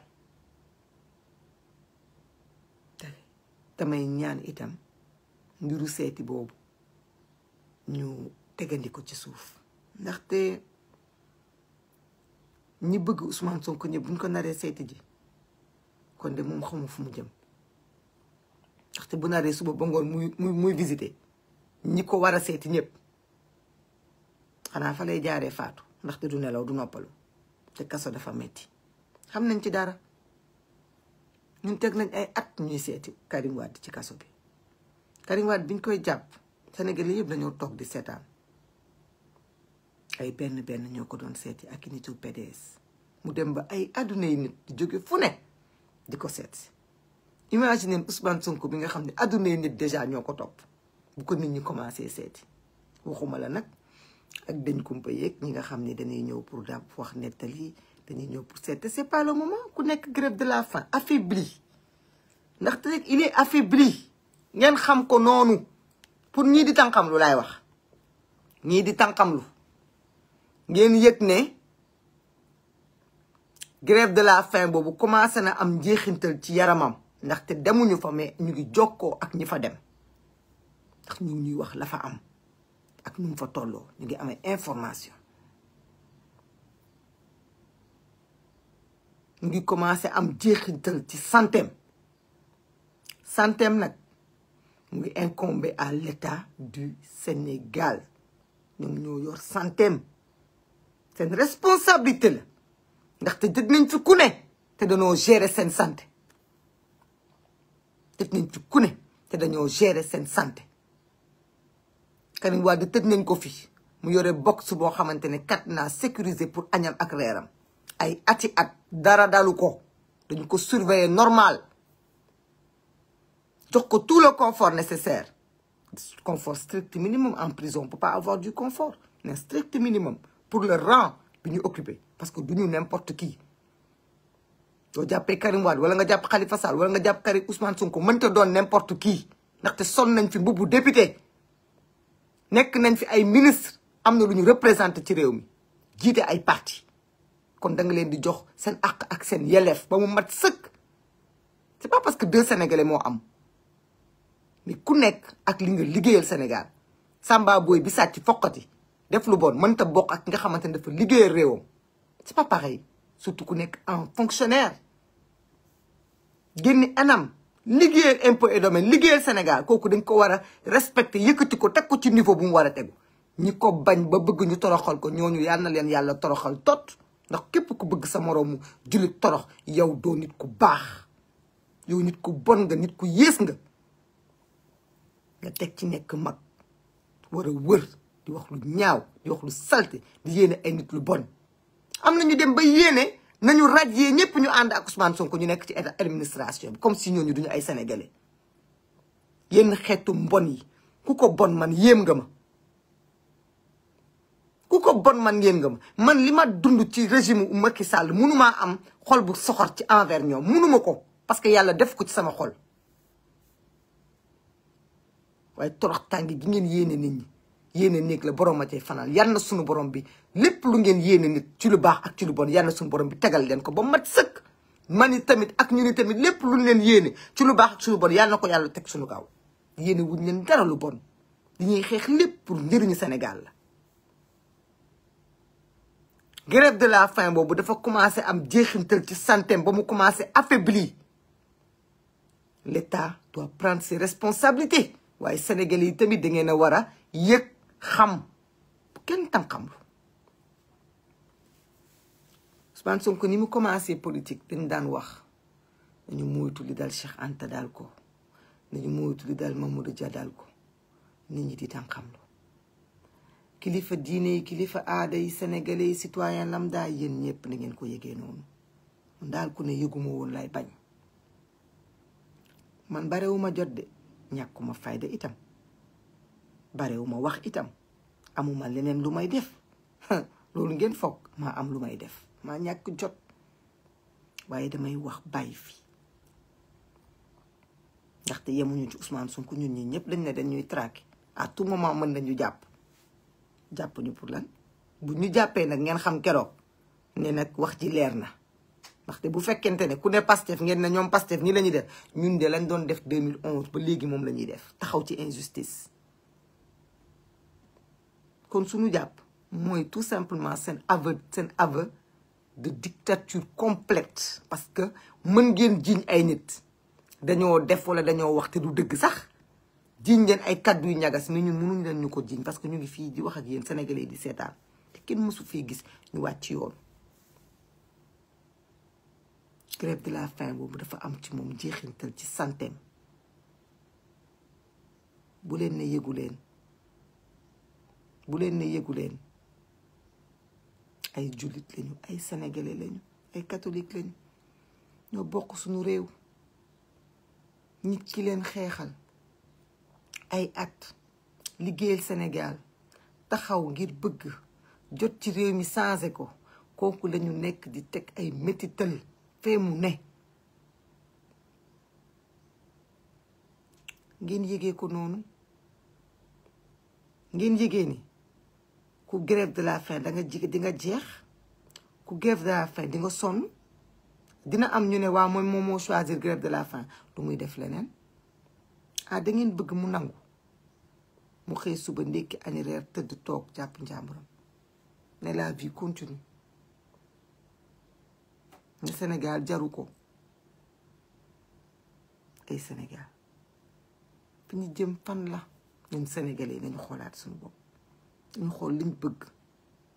te damay ñaan itam mbiru seeti boobu ñu tegandi ci suuf ndaxte ñi bëgg Ousmane Sonko ñëpp buñ ko naree seeti ji kon de moom xamu fu mu jëm ndaxte bu naree suba ba ngoon muy muy muy ñi ko war a seeti ñëpp xanaa fa lay jaaree faatu ndaxte du nelaw du noppalu te kaso dafa metti xam nañ ci dara ñun teg nañ ay at ñuy seeti Karim Wade ci kaso bi Karim Wade biñ koy jàpp Sénégalais yëpp dañoo toog di seetaan ay benn benn ñoo ko doon seeti ak i nitu PDS mu dem ba ay adduna yi nit di jóge fu ne di ko image imagine Ousmane Sonko bi nga xam ne adduna yi nit dèjà ñoo ko topp bu ko nit ñi commencé seeti waxuma la nag ak dañ kumpa yeeg ñi nga xam ne dañuy ñëw pour da wax nettali dañuy ñëw pour seet te c'est pas le moment ku nekk grève de la faim affaibli ndaxte rek il est affaibli ngeen xam ko noonu pour ñii di tànqam lu laay wax ñii di tànqam lu ngeen yëg ne grève de la fin boobu commencé na am njeexintal ci yaramam ndaxte demuñu fa mais ñu ngi jokkoo ak ñi fa dem ndax ñu ngi wax lafa am ak nu fa tolloo ñu ngi amee information mu ngi commencé am jeexital ci santeem santeem nag mu ngi incombé à l'état du Sénégal ñoom ñoo yor santeem seen responsabilité la ndaxte jëg nañ ci ku ne te dañoo gérer seen santé tëj nañ ci ku ne te dañoo gérer seen santé Karim Wade tëj nañ ko fii mu yore box boo xamante ne kat naa sécuriser pour añam ak reeram ay ati at dara daalu ko dañ ko surveiller normal jox ko tout le confort nécessaire confort strict minimum en prison on peut pas avoir du confort mais strict minimum pour le rang bi ñu occupé parce que du ñu n'importe qui soo jàppee Karim Wade wala nga jàpp Khalifa Sall wala nga jàpp Karim Ousmane Sonko mënta doon n'importe qui ndaxte sonn nañ fi mbubbu député nekk nañ fi ay ministre am na lu ñu représenté ci réew mi jiite ay parti kon danga leen di jox seen àq ak seen yelleef ba mu mat sëkk c'est pas parce que deux sénégalais moo am mais ku nekk ak li nga liggéeyal Sénégal samba booy bi sàcc foqati def lu bon ta bokk ak nga xamante ne dafa liggéeyal réewam c'est pas pareil surtout ku nekk en fonctionnaire génni anam liggéeyal impôt et domaine liggéeyal Sénégal kooku dañ ko war a respecter yëkkati ko teg ko ci niveau bu mu war a tegu ñi ko bañ ba bëgg ñu toroxal ko ñooñu yal na leen yàlla toroxal tot ndax képp ku bëgg sa moroomu jullit torox yow doo nit ku baax yow nit ku bon nga nit ku yées nga nga teg ci nekk mag war a wër di wax lu ñaaw di wax lu salte di yéene ay nit lu bon am na ñu dem ba yéene na radier ñëpp ñu ànd ak Ousmane ko ñu nekk ci administration bi comme si ñooñu duñu ay sénégalais yenn xeetu mbon yi ku ko bon man yéem nga ma ku ko bon man ngeen ngëm man li ma dund ci régime u Macky Sall ma am xol bu soxor ci envers ñoom ma ko parce que yàlla def ko ci sama xol waaye torox tàngi gi ngeen yéene nit ñi yéene néeg la borom ma cay fanaan yal na sunu borom bi lépp lu ngeen yéene nit ci lu baax ak ci lu bon yal na borom bi tegal leen ko ba mat sëkk man i tamit ak ñu ni tamit lépp lu leen yéene ci lu baax ak ci lu bon yal na ko yàlla teg sunu kaw yéene wuñ leen dara lu bon li ñuy xeex lépp pour njëriñu Sénégal grève de la faim boobu dafa commencé am jeexintal ci santé ba mu commencé affaibli l'État doit prendre ses responsabilité waaye Sénégalais yi tamit da ngeen a war a yëg xam bu kenn tànqamlu Ousmane Sonko ni mu commencé politique dañ daan wax nañu moytu li dal Cheikh Anta daal ko nañu moytu li dal Mamadou daal ko nit ñi di tànqamlu kilifa diine yi kilifa aada yi sénégalais yi citoyen lambda yéen ñëpp na ngeen ko yégee noonu man daal ku ne yëguma woon lay bañ man barewuma jot de ñàkkuma fayda itam barewuma wax itam amuma leneen lu may def loolu ngeen foog maa am lu may def maa ñàkk jot waaye damay wax bàyyi fi ndaxte yemuñu ci Ousmane Sonko ñun ñi ñëpp dañ ne dañuy traqué à tout moment mën nañu jàpp jàppuñu pour lan bu ñu jàppee nag ngeen xam keroog ne nag wax ji leer na ndaxte bu fekkente ne ku ne Pastef ngeen ne ñoom Pastef ñi la ñuy def ñun de lañ doon def 2011 ba léegi moom lañuy def taxaw ci injustice. kon suñu jàpp mooy tout simplement seen aveu seen aveu de dictature complète parce que mën ngeen jiiñ ay nit dañoo def wala dañoo wax te du dëgg sax. jiñ leen ay kaddu yu ñagas ni ñun mënuñ leen ñu ko jiñ parce que ñu ngi fii di wax ak yéen sénégalais di seetaan te kenn mësu fee gis ñu wàcc ci yoon. grève de la faim boobu dafa am ci moom jeexintal ci santeem bu leen ne yëgu leen bu leen ne yëgu leen ay jullit lañu ay senegale lañu ay catholique lañu ñoo bokk suñu réew nit ki leen xeexal. ay at liggéeyal Sénégal taxaw ngir bëgg jot ci réew mi changé ko kooku lañu nekk di teg ay métital fee mu ne ngeen yëgee ko noonu ngeen yëgee ni ku grève de la faim danga jig dinga jeex ku grève de la faim di nga sonn dina am ñu ne waa mooy moom moo choisir grève de la faim lu muy def leneen ah dangeen bëgg mu nangu mu xëy suba ndékki añ reer tëdd toog jàpp njàmburam ne la vie continue ne Sénégal jaru ko ay Sénégal fi ñu jëm fan la ñun sénégalais nañu xoolaat suñu bopp nañu xool liñ bëgg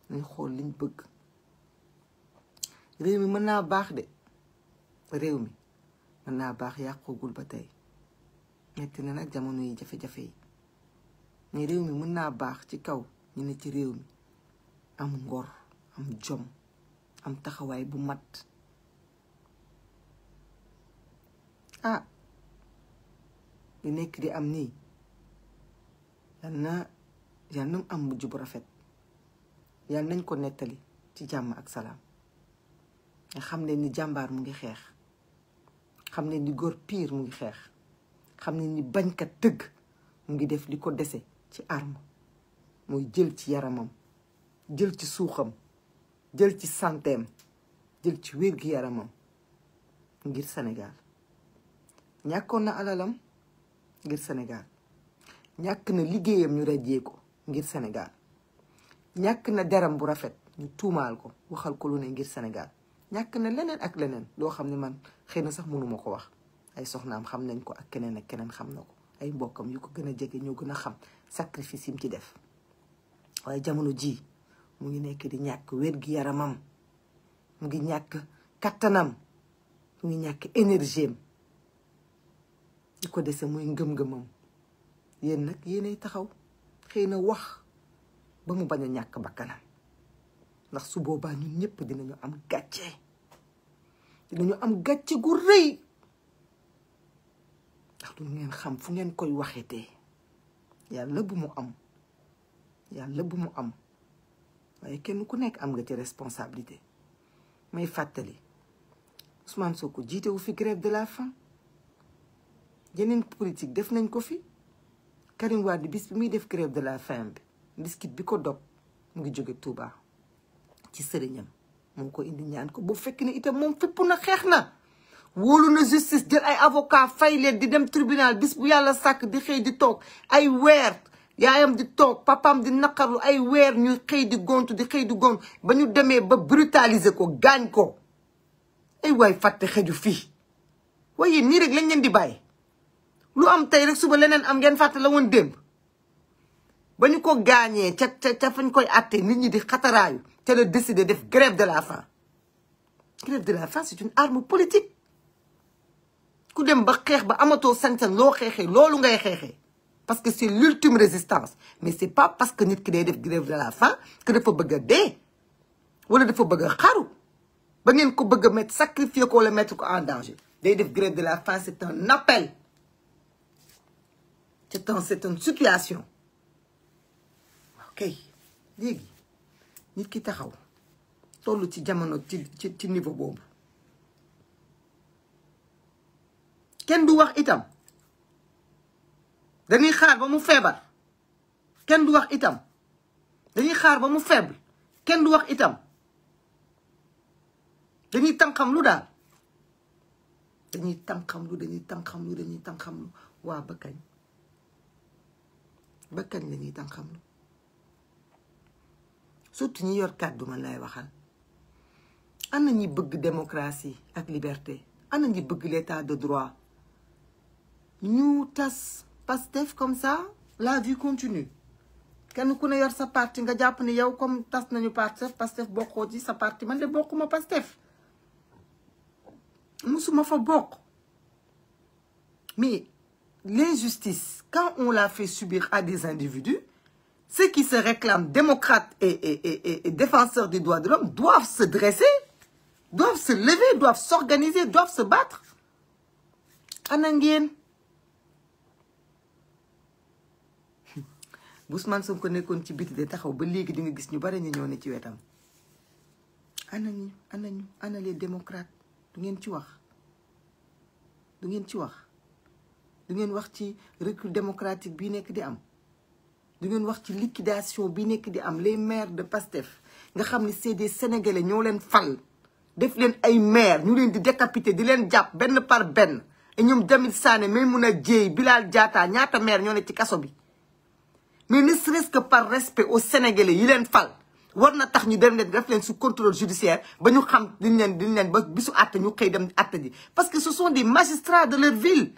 nañu xool liñ bëgg réew mi mën naa baax de réew mi mën naa baax yàqugul ba tey metti na nag jamono yi jafe-jafe réew mi mën naa baax ci kaw ñu ne ci réew mi am ngor am jom am taxawaay bu mat ah li nekk di am nii yal na yal na am mujj bu rafet yal nañ ko nettali ci jàmm ak salaam nga xam ne ni jàmbaar mu ngi xeex xam ne ni góor piir mu ngi xeex xam ne ni bañkat dëgg mu ngi def li ko dese ci arme mooy jël ci yaramam jël ci suuxam jël ci santeem jël ci wér-gi-yaramam ngir senegal ñàkkoon na alalam ngir senegal ñàkk na liggéeyam ñu rajee ko ngir senegal ñàkk na deram bu rafet ñu tuumaal ko waxal ko lu ne ngir senegal ñàkk na leneen ak leneen loo xam ne man xëy na sax mënuma ko wax ay soxnaam xam nañ ko ak keneen ak keneen xam na ko ay mbokkam yu ko gën a jege ñoo gën a xam sacrifice yi mu ci def waaye jamono ji mu ngi nekk di ñàkk wér yaramam mu ngi ñàkk kattanam mu ngi ñàkk énergie am li ko dese muy ngëm-ngëmam yéen nag yéenay taxaw xëy na wax ba mu bañ ñàkk bakkanam ndax su boobaa ñun ñëpp dinañu am gàcce dinañu am gàcce gu rëy du ngeen xam fu ngeen koy waxetee yàlla bu mu am yàlla bu mu am waaye kenn ku nekk am nga ci responsabilité may fàttali soo ko jiitewu fi grève de la faim yeneen politique def nañ ko fi Karim Wade bis bi muy def grève de la faim bi bi ko dog mu ngi jóge tuubaa ci sëriñam moo ko indi ñaan ko bu fekk ne itam moom fépp na xeex na woolu na justice jël ay avocat fay leen di dem tribunal bis bu yàlla sàkk di xëy di toog ay weer yaayam di toog papam di naqarlu ay weer ñuy xëy di gontu di xëy di gontu ba ñu demee ba brutaliser ko gaañ ko ay waay fàtte xëju fii waaye nii rek lañ leen di bàyyi lu am tey rek suba leneen am ngeen fàtte la woon démb ba ñu ko gaañee ca ca ca fañ koy atte nit ñi di xataraayu te la décider def grève de la faim grève de la faim c'est une arme politique ku dem ba xeex ba amatoo sañ-sañ loo xeexee loolu ngay xeexee parce que c'est l'ultime résistance mais c'est pas parce que nit ki day def grève de la faim que dafa bëgg a dee wala dafa bëgg a xaru ba ngeen ko bëgg a mettre sacrifier ko wala mettre ko en danger day def grève de la faim c'est un appel c'est un c'est une situation ok léegi nit ki taxaw toll ci jamono ci ci niveau boobu kenn du wax itam dañuy xaar ba mu feebar kenn du wax itam dañuy xaar ba mu faible kenn du wax itam dañuy tànqam lu daal dañuy tànqam lu dañuy tànqam lu dañuy lu waa ba kañ ba kañ la ñuy tànqam lu surtout ñi yor kàddu man lay waxal ana ñi bëgg démocratie ak liberté ana ñi bëgg l'état de droit ñu tas Pastef comme ça la vie continue kenn ku ne yor sa parti nga jàpp ne yow comme tas nañu Pastef Pastef bokkoo ci sa parti man de bokkuma Pastef musuma fa bokk mais l'injustice quand on la fait subir à des individus ceux qui se réclament démocrates et et et et défenseurs des droits de l'homme doivent se dresser doivent se lever doivent s'organiser doivent se battre ana ngeen bu Ousmane ko nekkoon ci biti de taxaw ba léegi di nga gis ñu bari ñu ñëw ne ci wetam ana ñu ana ñu ana les démocrates du ngeen ci wax du ngeen ci wax du ngeen wax ci recul démocratique bi nekk di am du ngeen wax ci liquidation bi nekk di am les maires de Pastef nga xam ne c'est des sénégalais ñoo leen fal def leen ay maire ñu leen di décapité di leen jàpp benn par benn ñoom et ñoom Jamil Sané Maimouna Dièye Bilal Diatta ñaata maire ñoo ne ci kaso bi mais ne serait-ce que par respect aux Sénégalais yi leen fal war na tax ñu dem leen def leen sous contrôle judiciaire ba ñu xam diñ leen diñ leen ba bisu at ñu xëy dem àtte ji parce que ce sont des magistrats de leur ville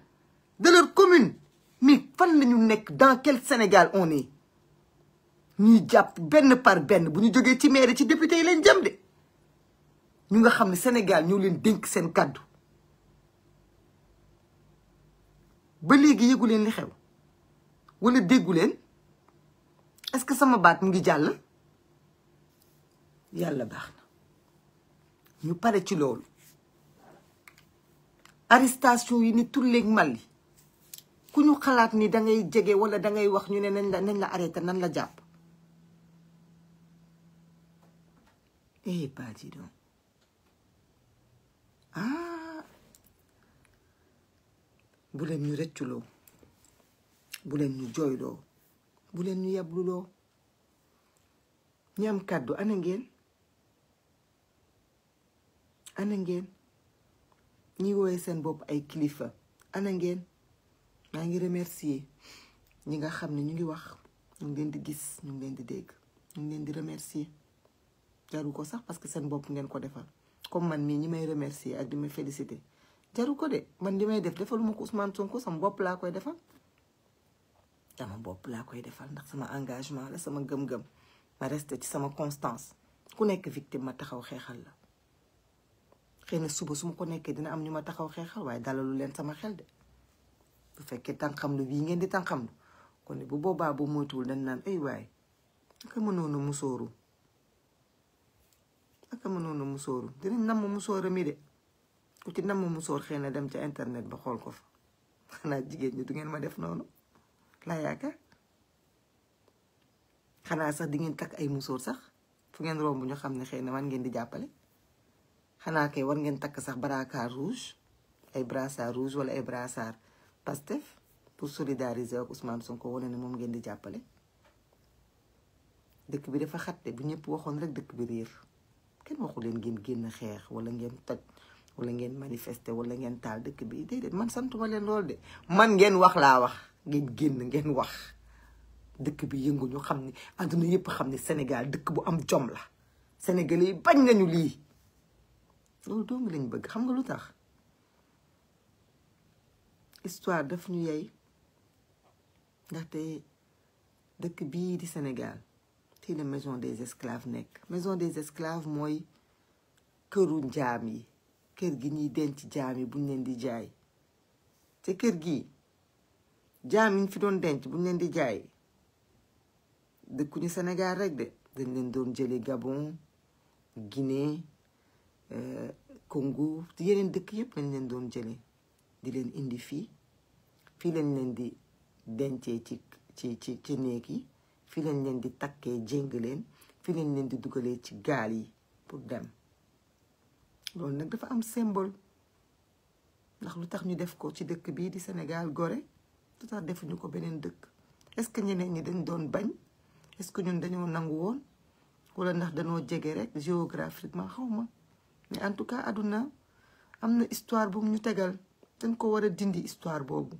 de leur commune mais fan la ñu nekk dans quel Sénégal on est ñuy jàpp benn par benn bu ñu jógee ci maire ci député yi leen jëm de ñu nga xam ne Sénégal ñoo leen dénk seen kàddu ba léegi yëgu leen li xew wala déggu leen est-ce que sama baat mu ngi jàll yàlla baax na ñu pare ci loolu arrestation yi ni mal Mali ku ñu xalaat ni dangay jege wala dangay wax ñu ne nañ la nañ la arrêté nan la jàpp eh baaji don ah bu leen ñu rëcculoo bu leen ñu jooyloo bu leen ñu yabluloo ñi am kàddu ana ngeen ana ngeen ñi wooye seen bopp ay kilifa ana ngeen maa ngi remercier ñi nga xam ne ñu ngi wax ñu ngeen di gis ñu ngi leen di dégg ñu ngi leen di remercier jaru ko sax parce que seen bopp ngeen ko defal comme man mii ñi may remercier ak di may féliciter jaru ko de man li may def defaluma ko Ousmane Sonko sama bopp laa koy defal dama bopp laa koy defal ndax sama engagement la sama gëm-gëm ma reste ci sama constance ku nekk victime ma taxaw xeexal la xëy na suba su ma ko nekkee dina am ñu ma taxaw xeexal waaye dalalu leen sama xel de bu fekkee tànqamlu bii ngeen di tànqamlu kon bu boobaa bu moytuwul dañ naan ay waay aka mënoon a musóoru aka mënoon a musóoru dinañ namm musóora mi de ku ci musóor xëy na dem ca internet ba xool ko fa xanaa jigéen ñi du ngeen ma def noonu laa xanaa sax di ngeen takk ay musóor sax fu ngeen romb ñu xam ne xëy na man ngeen di jàppale xanaa kay war ngeen takk sax baraakaar rouge ay brassard rouge wala ay brassard Pastef pour solidariser ak Ousmane Sonko wane ne moom ngeen di jàppale dëkk bi dafa xatte bu ñëpp waxoon rek dëkk bi réer kenn waxu leen ngeen génn xeex wala ngeen toj wala ngeen manifester wala ngeen taal dëkk bi déedéet man santuma leen lool de man ngeen wax laa wax ngeen génn ngeen wax dëkk bi yëngu ñu xam ni àdduna yëpp xam ni Sénégal dëkk bu am jom la Sénégalais bañ nañu lii loolu dong lañ bëgg xam nga lu tax histoire daf ñu yey ndaxte dëkk bii di Sénégal ci la maison des esclaves nekk maison des esclaves mooy këru njaam yi kër gi ñuy denc jaam yi buñ leen di jaay te kër gi jaam fi doon denc bu leen di jaay dëkku dëkkuñu Sénégal rek de dañ leen doon jëlee Gabon Guinée euh, Congo yeneen dëkk yépp lañ leen doon jëlee di leen indi fii fii lañ leen di dencee ci ci ci ci néeg yi fii lañ leen di takkee jéng leen fii lañ leen di dugalee ci gaal yi pour dem loolu nag dafa am symbole ndax lu tax ñu def ko ci dëkk bii di Sénégal gore lu tax defuñu ko beneen dëkk est-ce que ñeneen ñi dañ doon bañ est-ce que ñun dañoo nangu wala ndax dañoo jege rek géographiquement xaw ma en tout cas àdduna am na histoire bu ñu tegal dañ ko war a dindi histoire boobu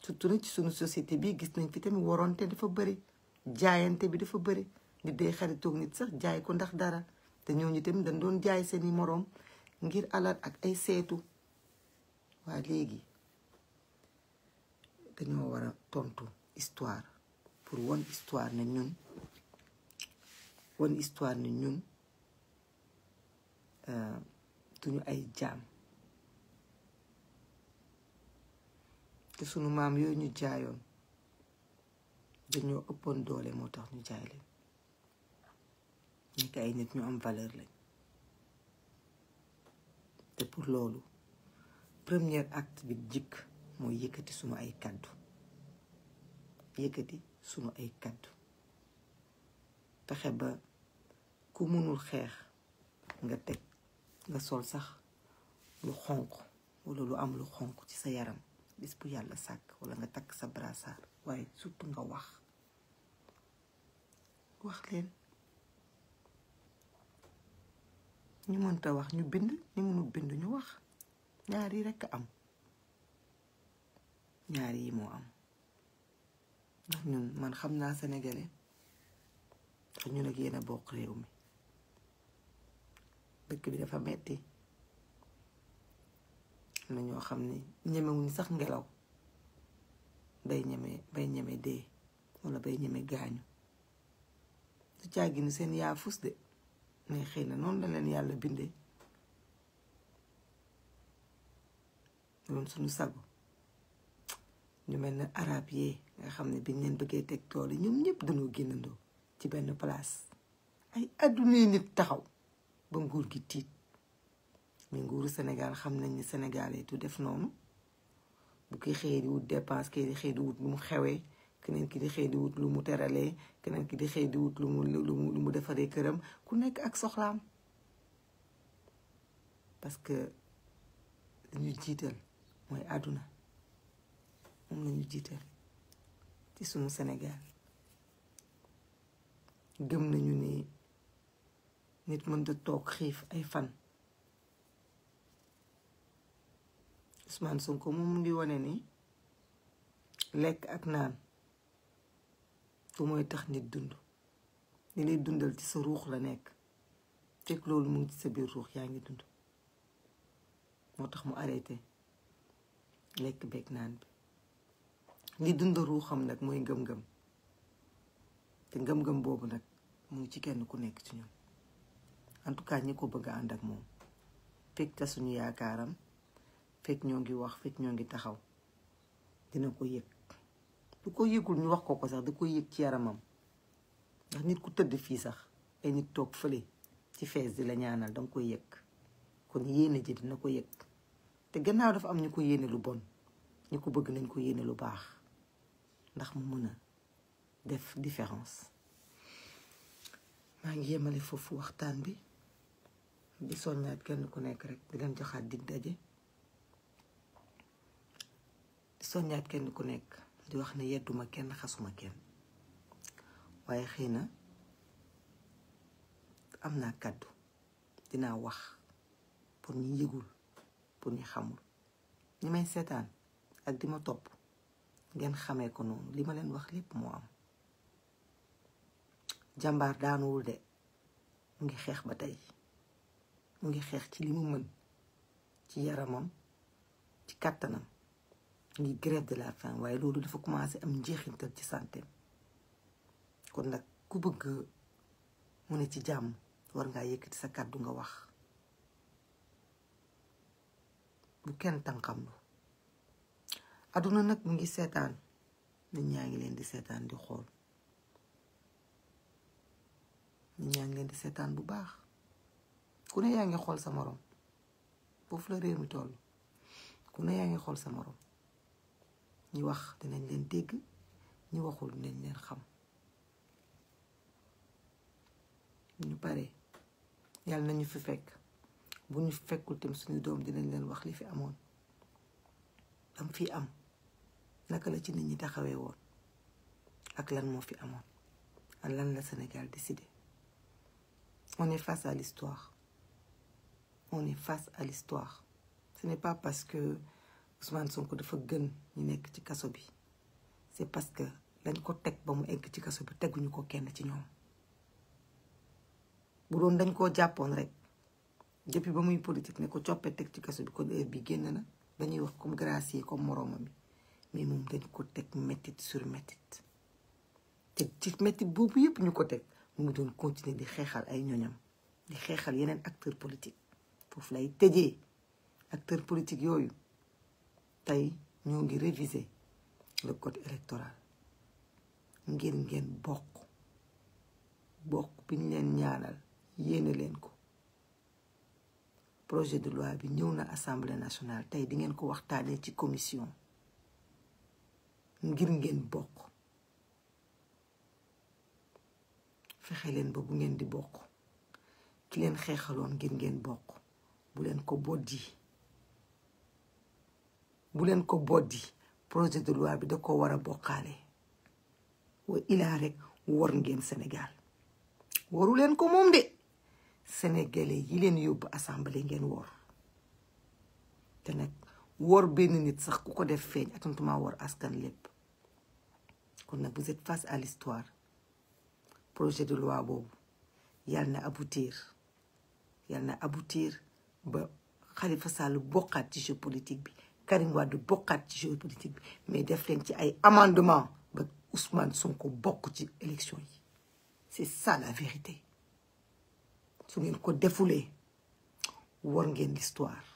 surtout ci suñu société bi gis nañ fi tamit waronte dafa bëri jaayante bi dafa bëri nit day xaritoog nit sax jaay ko ndax dara te ñooñu tamit dañ doon jaay seeni moroom ngir alal ak ay seetu waa léegi dañoo war a tontu histoire pour won histoire ne ñun won histoire ne ñun euh, duñu ay jaam te sunu maam yooyu ñu jaayoon dañoo ëppoon doole moo tax ñu jaay leen ay nit ñu am valeur lañ te pour loolu premier acte bi jikk mooy yëkkati sunu ay kàddu yëkkati sunu ay kàddu fexe ba ku mënul xeex nga teg nga sol sax lu xonq wala lu am lu xonq ci sa yaram bis bu yàlla sàkk wala nga takk sa brassard waaye surtout nga wax wax leen ñu mënta wax ñu bind ñu mënul bind ñu wax ñaari rekk am ñaari yi moo am ndax ñun man xam naa sénégalais ndax ñun ak yéen a réew mi dëkk bi dafa metti am na ñoo xam ne ñemewuñ sax ngelaw bay ñeme bay ñeme dee wala bay ñeme gaañu su caaginu seen yaa fus de mais xëy na noonu la leen yàlla bindee loolu suñu sagu ñu mel ne araab yi nga xam ne biñ leen bëggee teg tool yi ñoom ñëpp dañoo génnandoo ci benn place ay adduna nit taxaw ba nguur gi tiit mais nguuru Sénégal xam nañ ni Sénégalais tu def noonu bu ki xëy di wut dépense kii di xëy di wut lu mu xewee keneen ki di xëy di wut lu mu teralee keneen ki di xëy di wut lu mu mu defaree këram ku nekk ak soxlaam parce que ñu jiital mooy àdduna moom lañu jiital ci suñu Sénégal gëm nañu ni nit mënta toog xiif ay fan Ousmane Sonko moom mu ngi wane nii lekk ak naan du mooy tax nit dund li lay dundal ci sa ruux la nekk fekk loolu mu ngi ci sa biir ruux yaa ngi dund moo tax mu arrêté lekk beeg naan bi li dund ruuxam nag mooy ngëm-ngëm te ngëm-ngëm boobu nag mu ngi ci kenn ku nekk ci ñun en tout cas ñi ko bëgg a ànd ak moom fekk ta suñu yaakaaram fekk ñoo ngi wax fekk ñoo ngi taxaw dina ko yëg du ko yëgul ñu wax ko ko sax da ko yëg ci yaramam ndax nit ku tëdd fii sax ay nit toog fële ci fees di la ñaanal danga koy yëg kon yéene ji dina ko yëg te gannaaw dafa am ñu ko yéene lu bon ñu ko bëgg nañ ko yéene lu baax ndax mu mën a def différence maa ngi yemale foofu waxtaan bi di soññaat kenn ku nekk rek di leen joxaat di daje di kenn ku nekk di wax ne yedduma kenn xasuma kenn waaye xëy na am naa kàddu dinaa wax pour ñi yëgul pour ñi xamul ñi may seetaan ak di ma topp ngeen xamee ko noonu li ma leen wax lépp moo am jàmbaar daanuwul de mu ngi xeex ba tey mu ngi xeex ci li mu mën ci yaramam ci kàttanam mu ngi grève de la faim waaye loolu dafa commencé am njeexintal ci santé kon nag ku bëgg mu ne ci jàmm war ngaa yëkkati sa kàddu nga wax bu kenn lu aduna nag mu ngi seetaan nit ñaa ngi leen di seetaan di xool nit ñaa ngi leen di seetaan bu baax ku ne yaa ngi xool sa morom foofu la réew mi toll ku ne yaa ngi xool sa morom ñi wax dinañ leen dégg ñi waxul dinañ leen xam ñu pare yàlla ñu fi fekk bu ñu fekkul tam suñu doom dinañ leen wax li fi amoon dam fi am naka la ci nit ñi taxawee woon ak lan moo fi amoon ak lan la Sénégal décidé on est face à l'histoire on est face à l'histoire ce n'est pas parce que Ousmane Sonko dafa gën ñu nekk ci kaso bi c'est parce que lañ ko teg ba mu egg ci kaso bi teguñu ko kenn ci ñoom bu doon dañ koo jàppoon rek depuis ba muy politique ne ko coppee teg ci kaso bi kon heure bi génn na dañuy wax comme gracier comme moroomam bi mais moom dañ ko teg métit sur métit te ci métit boobu yëpp ñu ko teg mu ngi doon continuer di xeexal ay ñoñam di xeexal yeneen acteur politique foofu lay tëjee acteur politique yooyu tey ñoo ngi révisé le code électoral ngir ngeen bokk bokk bi ñu leen ñaanal yéene leen ko projet de loi bi ñëw na assemblée nationale tey di ngeen ko waxtaanee ci commission ngir ngeen bokk fexe leen ba bu ngeen di bokk ki leen xeexaloon ngir ngeen bokk bu leen ko boddi bu leen ko boddi projet de loi bi da ko war a bokkaale wa ilaa rek war ngeen Sénégal waru leen ko moom de sénégalais yi leen yóbbu assemblée ngeen wor te nag wor benn nit sax ku ko def feeñ atantuma wor askan lépp kon nag vous êtes face à l'histoire projet de loi boobu yàlla na aboutir yàlla na aboutir ba Khalifa Sall bokkaat ci jeu politique bi Karim Wade bokkaat ci jeu politique bi mais def leen ci ay amendement ba Ousmane Sonko bokk ci élection yi c'est ça la vérité su ngeen ko defulee war ngeen l'histoire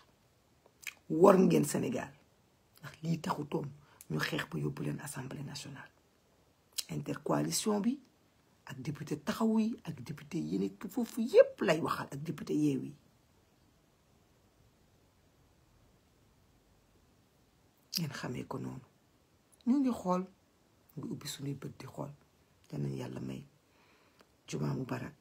war ngeen Sénégal ndax lii taxutoon ñu xeex ba yóbbu leen assemblée nationale intercoalition bi ak député taxaw ak député yi nekk foofu yépp lay waxal ak député yeew yi ngeen xamee ko noonu ñu ngi xool ngi ubbi suñuy bët di xool yal nañu yàlla may mubarak